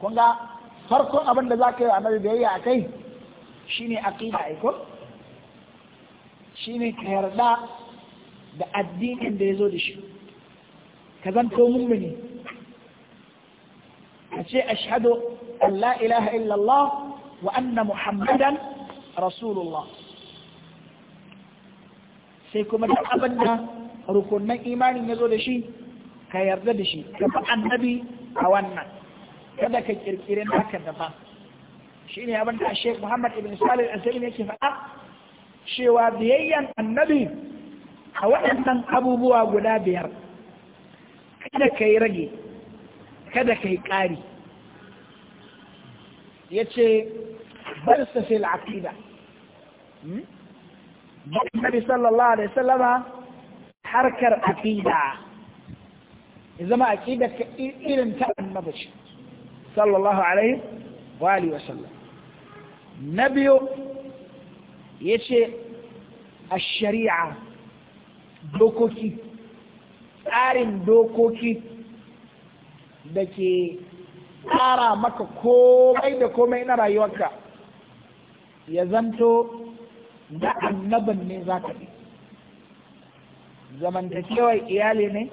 Speaker 1: kun ga farkon abin da za ka yi wa annabi biyayya a kai shine aqida aiko shine ka yarda da addinin da ya zo da shi ka zanto mummuni ka ce ashhadu an ilaha illallah wa anna muhammadan rasulullah sai kuma duk abin da rukunan imanin ya zo da shi ka yarda da shi ka fi annabi a wannan kada ka kirkire naka daban shi ne abin da Sheikh Muhammad ibn Salih al-Azhari yake faɗa cewa biyayyan annabi a waɗannan abubuwa guda biyar kada ka yi rage kada ka yi ƙari ya ce bar sa fil aqida annabi sallallahu alaihi sallama harkar aqida ya zama aqida irin ta annabi sallallahu alaihi wa alihi na biyu ya ce a shari'a dokoki tsarin dokoki da ke tsara maka komai da komai na rayuwarka ya zanto da annabin ne za ka bi zamantakewar iyali ne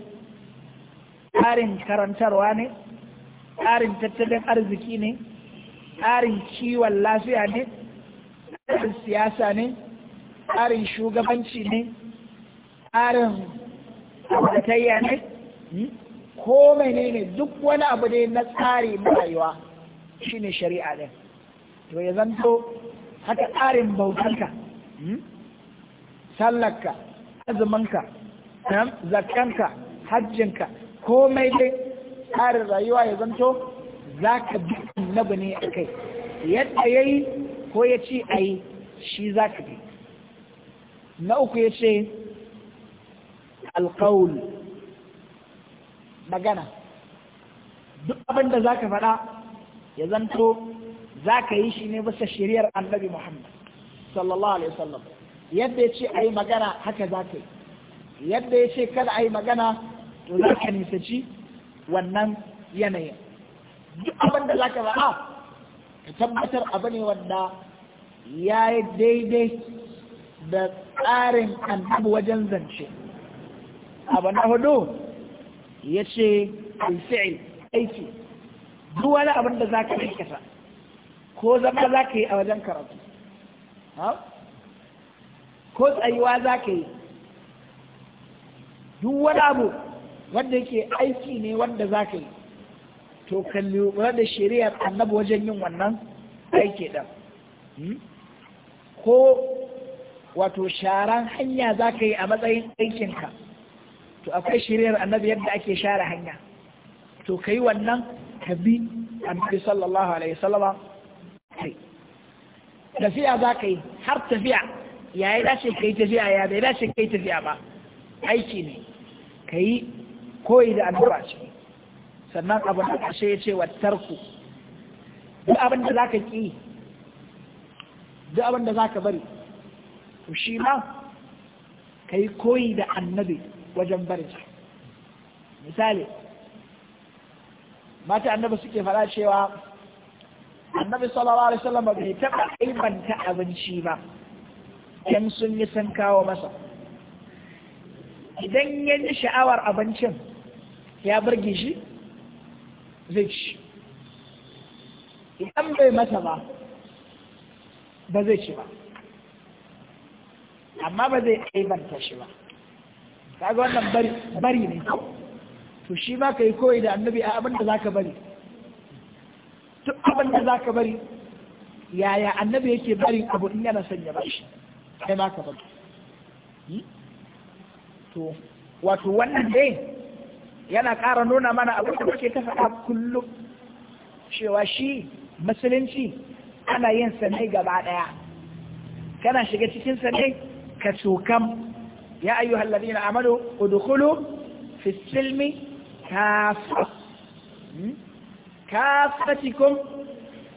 Speaker 1: tsarin karantarwa ne tsarin tattalin arziki ne tsarin kiwon lafiya ne tsarin siyasa ne tsarin shugabanci ne tsarin abatayya ne hmm? ko menene duk wani abu ne na tsari na rayuwa shine shari'a ɗin to ya zanto haka tsarin bautanka hmm? sallarka azuminka hmm? zakanka hajjinka komai dai tsarin rayuwa ya zanto za ka bi annabi ne a kai yadda ya yi ko ya ce a yi shi za ka bi na uku ya ce alkawul magana duk abinda da za ka faɗa ya zanto za ka yi shi ne bisa shiriyar annabi muhammad sallallahu alaihi wasallam yadda ya ce a yi magana haka za ka yi yadda ya ce kada a yi magana to za ka nisa ci? wannan yanayin duk abin da za ka ra'a ka tabbatar abu ne wanda ya yi daidai da tsarin annabi wajen zance abu na hudu ya ce alfi'il aiki duk wani abin da za ka aikata ko zama za ka yi a wajen karatu ko tsayuwa za ka yi duk wani abu wanda yake aiki ne wanda za ka yi to ka lura da shari'ar annabi wajen yin wannan aiki ɗin hmm? ko wato sharan hanya za ka yi a matsayin aikinka to akwai shari'ar annabi yadda ake share hanya to ka yi wannan ka bi annabi sallallahu alaihi sallama tafiya za ka yi har tafiya ya yi dace ka yi tafiya ya bai dace ka yi tafiya ba aiki ne ka yi koyi da addu'a ce sannan abu na ƙarshe ya ce wa tarku duk abin da za ka ƙi duk abin da za ka bari to shi ma ka yi koyi da annabi wajen barin misali mata annabi suke faɗa cewa annabi sallallahu alaihi wasallam bai taɓa ilmanta abinci ba yan sun yi sun kawo masa idan ya ji sha'awar abincin ya burge shi zai ci idan bai mata ba ba zai ci ba amma ba zai aibanta shi ba kaga wannan bari ne to shi ba ka yi koyi da annabi a abin da za ka bari tun abin da za ka bari yaya annabi yake bari abu in yana sanya ba shi kai ma ka bari hmm? to wato wannan dai yana ƙara nuna mana abin da kuke ta faɗa kullum cewa shi musulunci ana yin sa ne gaba ɗaya kana shiga cikin sa ne ka cokam ya ayyu hallabi na amadu udukulu fi silmi kafa hmm? kafatikum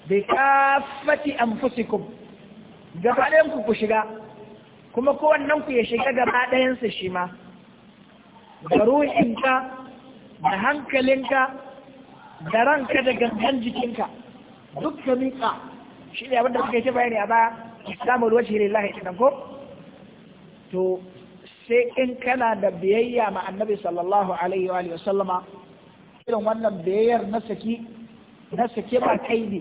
Speaker 1: bi kafati anfusikum gaba ɗayan ku ku shiga kuma kowannen ku ya shiga gaba ɗayan sa shi ma da da hankalinka da ranka da gangan jikinka duk ka miƙa shi ne abinda suka ce ta bayani a baya islamu ruwa shi lillahi ɗin ko to sai in kana da biyayya ma annabi sallallahu alaihi wa sallama irin wannan biyayyar na saki na sake ba ne.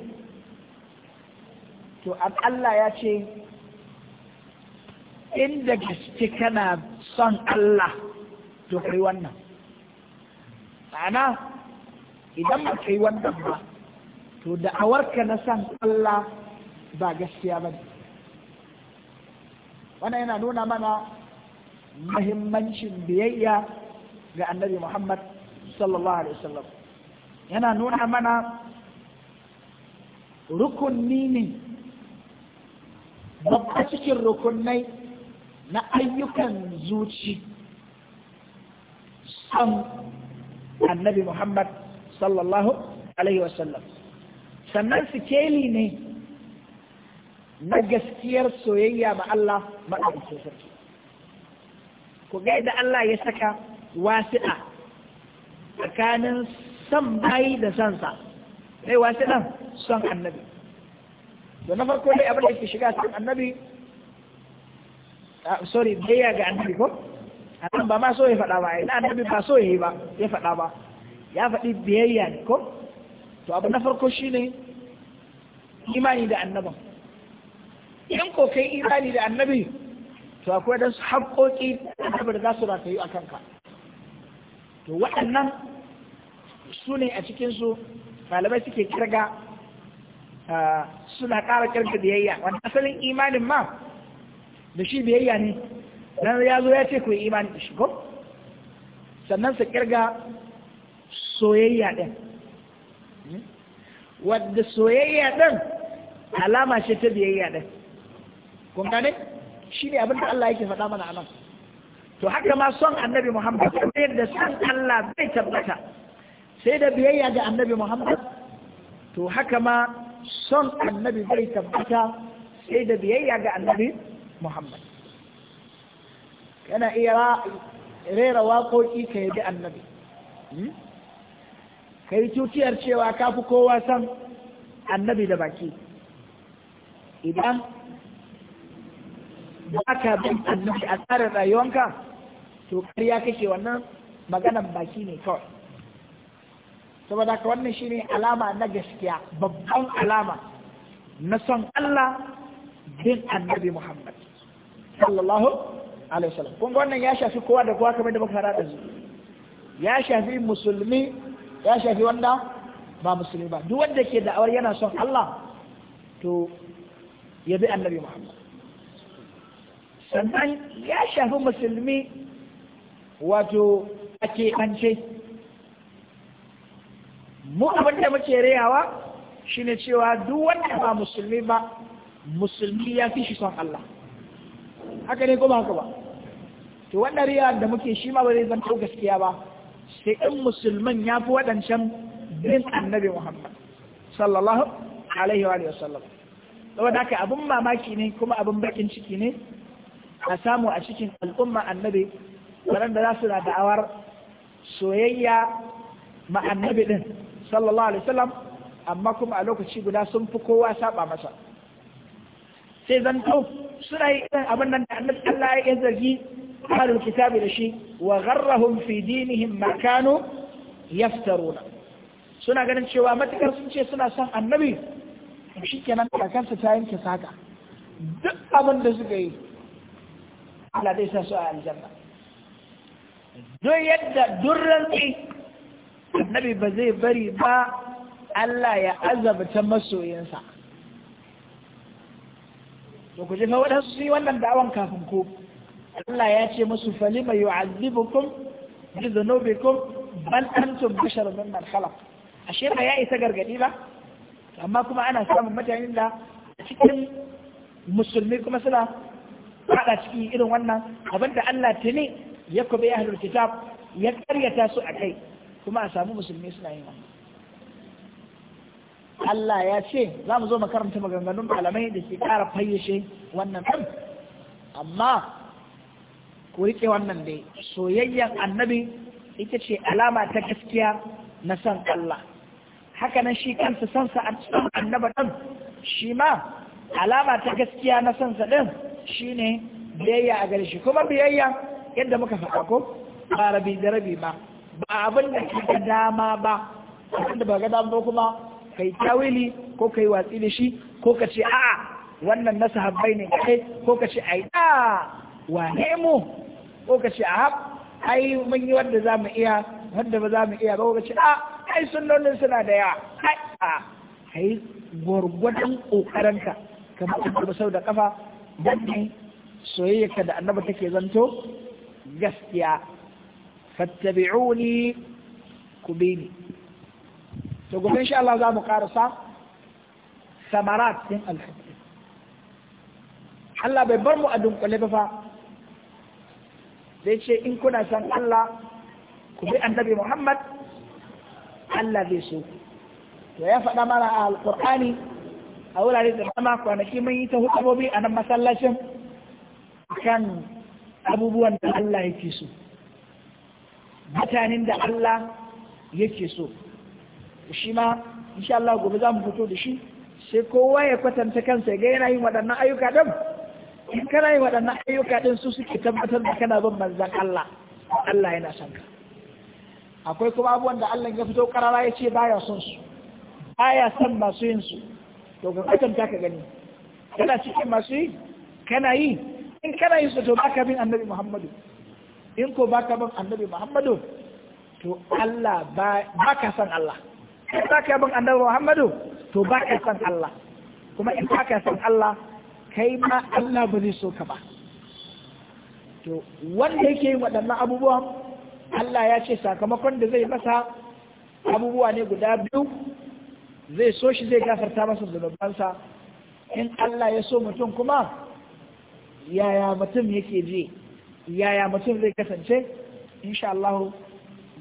Speaker 1: to Allah ya ce inda gaske kana son Allah to kai wannan ma'ana idan ba yi wannan ba to da'awarka na san Allah ba gaskiya ba ne. wannan yana nuna mana mahimmancin biyayya ga annabi Muhammad sallallahu alaihi wasallam yana nuna mana rukunni ne babba cikin rukunnai na ayyukan zuci san annabi Muhammad sallallahu alaihi wasallam sannan sikeli ne na gaskiyar soyayya ma Allah
Speaker 2: maɗaukacin sarki
Speaker 1: ku ga yadda Allah ya saka wasi'a tsakanin son bayi da sansa sai wasi'an son annabi da na farko dai abin da ke shiga son annabi sorry biyayya ga annabi ko akan ba ma so ya faɗa ba ya na annabi ba so yi ba ya faɗa ba ya faɗi biyayya ne ko to abu na farko shine imani da annaban in ko kai imani da annabi to akwai dan haƙoƙi da za su kai a kanka to waɗannan su ne a cikinsu malamai suke kirga suna ƙara kirga biyayya wanda asalin imanin ma da shi biyayya ne dan ya zo ya ce ku yi imani da shi ko sannan su kirga soyayya ɗin wadda soyayya ɗin alama ce ta biyayya ɗin kun gane shi ne abin da Allah yake faɗa mana anan to haka ma son annabi Muhammad yadda son Allah zai tabbata sai da biyayya ga annabi Muhammad to haka ma son annabi zai tabbata sai da biyayya ga annabi Muhammad kana iya rera waƙoƙi ka yabi annabi hmm? ka yi tutiyar cewa ka fi kowa san annabi da baki idan ba ka bin annabi a tsarin rayuwanka to ƙarya kake wannan maganan baki ne kawai saboda ka wannan ne alama na gaskiya babban alama na son Allah bin annabi Muhammad sallallahu alaihi wasallam kun ga wannan ya shafi kowa da kowa kamar da muka fara da su ya shafi musulmi ya shafi wanda ba musulmi ba duk wanda ke da'awar yana son Allah to ya bi annabi Muhammad sannan ya shafi musulmi wato a keɓance mu abin da muke rayawa shine cewa duk wanda ba musulmi ba musulmi ya fi shi son Allah haka ne kuma haka ba to wannan riya da muke shi ma ba zai zanto gaskiya ba sai in musulman ya fi waɗancan bin annabi Muhammad sallallahu alaihi wa sallam saboda haka abin mamaki ne kuma abin bakin ciki ne a samu a cikin al'umma annabi waɗanda za su na da'awar soyayya ma annabi din sallallahu alaihi wasallam amma kuma a lokaci guda sun fi kowa saba masa sai zan zanto suna yi irin abin nan da annabi Allah ya zargi ahlul kitabi da shi wa gharrahum fi dinihim ma kanu suna ganin cewa matukar sun ce suna son annabi shi kenan kakansa ta yanke saka duk abin da suka yi Allah zai sa a aljanna don yadda durran tsi annabi ba zai bari ba Allah ya azabta masoyinsa to ku jefa waɗansu su yi wannan da'awan kafin ko Allah ya ce masu falima yu'azzibukum bi dhunubikum bal antum basharun mimman khalaq ashe ba ya isa gargadi ba amma kuma ana samun mutanen da cikin musulmi kuma suna fada cikin irin wannan abinda Allah tuni ya kube ahlul kitab ya karyata su a kai kuma a samu musulmi suna yin wannan Allah ya ce za mu zo mu karanta maganganun malamai da ke ƙara fayyashe wannan ɗin amma ku riƙe wannan dai soyayyan annabi ita ce alama ta gaskiya na san Allah haka nan shi kansa sansa a cikin annaba ɗin shi ma alama ta gaskiya na sansa ɗin shi ne biyayya a gare shi kuma biyayya yadda muka faɗa ko ba rabi da rabi ba ba abin da ke da dama ba abin ba ga dama ba kuma kai tawili ko kai watsi da shi ko ka ce a'a wannan na sahabbai ne kai ko ka ce da wane mu ko ka ce a ai mun yi wanda za mu iya wanda ba za mu iya ba ko ka ce a ah, ai sunnonin suna da yawa ai a kai gwargwadon kokarinka kamar ka dubi sau da kafa dan ka da annaba take zanto gaskiya fattabi'uni ku bi ni to gobe insha Allah za mu karasa samarat din alhaji Allah bai bar mu a dunkule ba fa sai ce in kuna san Allah ku bi annabi Muhammad Allah bai so to ya faɗa mana a alƙur'ani a wurare da dama kwanaki mun yi ta hukumomi a nan masallacin kan abubuwan da Allah yake so mutanen da Allah yake so shi ma insha Allah gobe za mu fito da shi sai kowa ya kwatanta kansa ga yana yin waɗannan ayyuka din in kana yi waɗannan ayyuka ɗin su suke tabbatar da kana bin manzan Allah Allah yana son ka akwai kuma abubuwan da Allah ya fito karara ya ce baya son su baya son masu yin su to ga ta ka gani kana cikin masu yi kana yi in kana yi su to baka bin annabi Muhammadu in ko baka bin annabi Muhammadu to Allah baka son Allah in baka bin annabi Muhammadu to baka son Allah kuma in baka son Allah kai ma Allah ba zai so ka ba to wanda yake yin waɗannan abubuwan Allah ya ce sakamakon da zai masa abubuwa ne guda biyu zai so shi zai gafarta masa zunubansa in Allah ya so mutum kuma yaya mutum yake je yaya mutum zai kasance insha Allah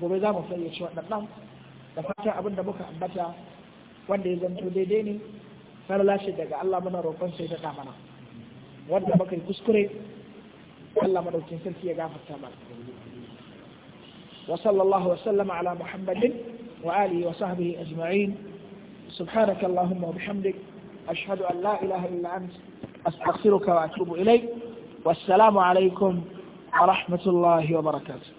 Speaker 1: gobe za mu fayyace waɗannan da fatan abin da muka ambata wanda ya zanto daidai ne falala shi daga Allah muna roƙon sai da mana wanda muka kuskure Allah madaukin sarki ya gafarta mana wa sallallahu wa sallama ala muhammadin wa alihi wa sahbihi ajma'in سبحانك اللهم وبحمدك أشهد أن لا إله إلا أنت أستغفرك وأتوب إليك والسلام عليكم ورحمة الله وبركاته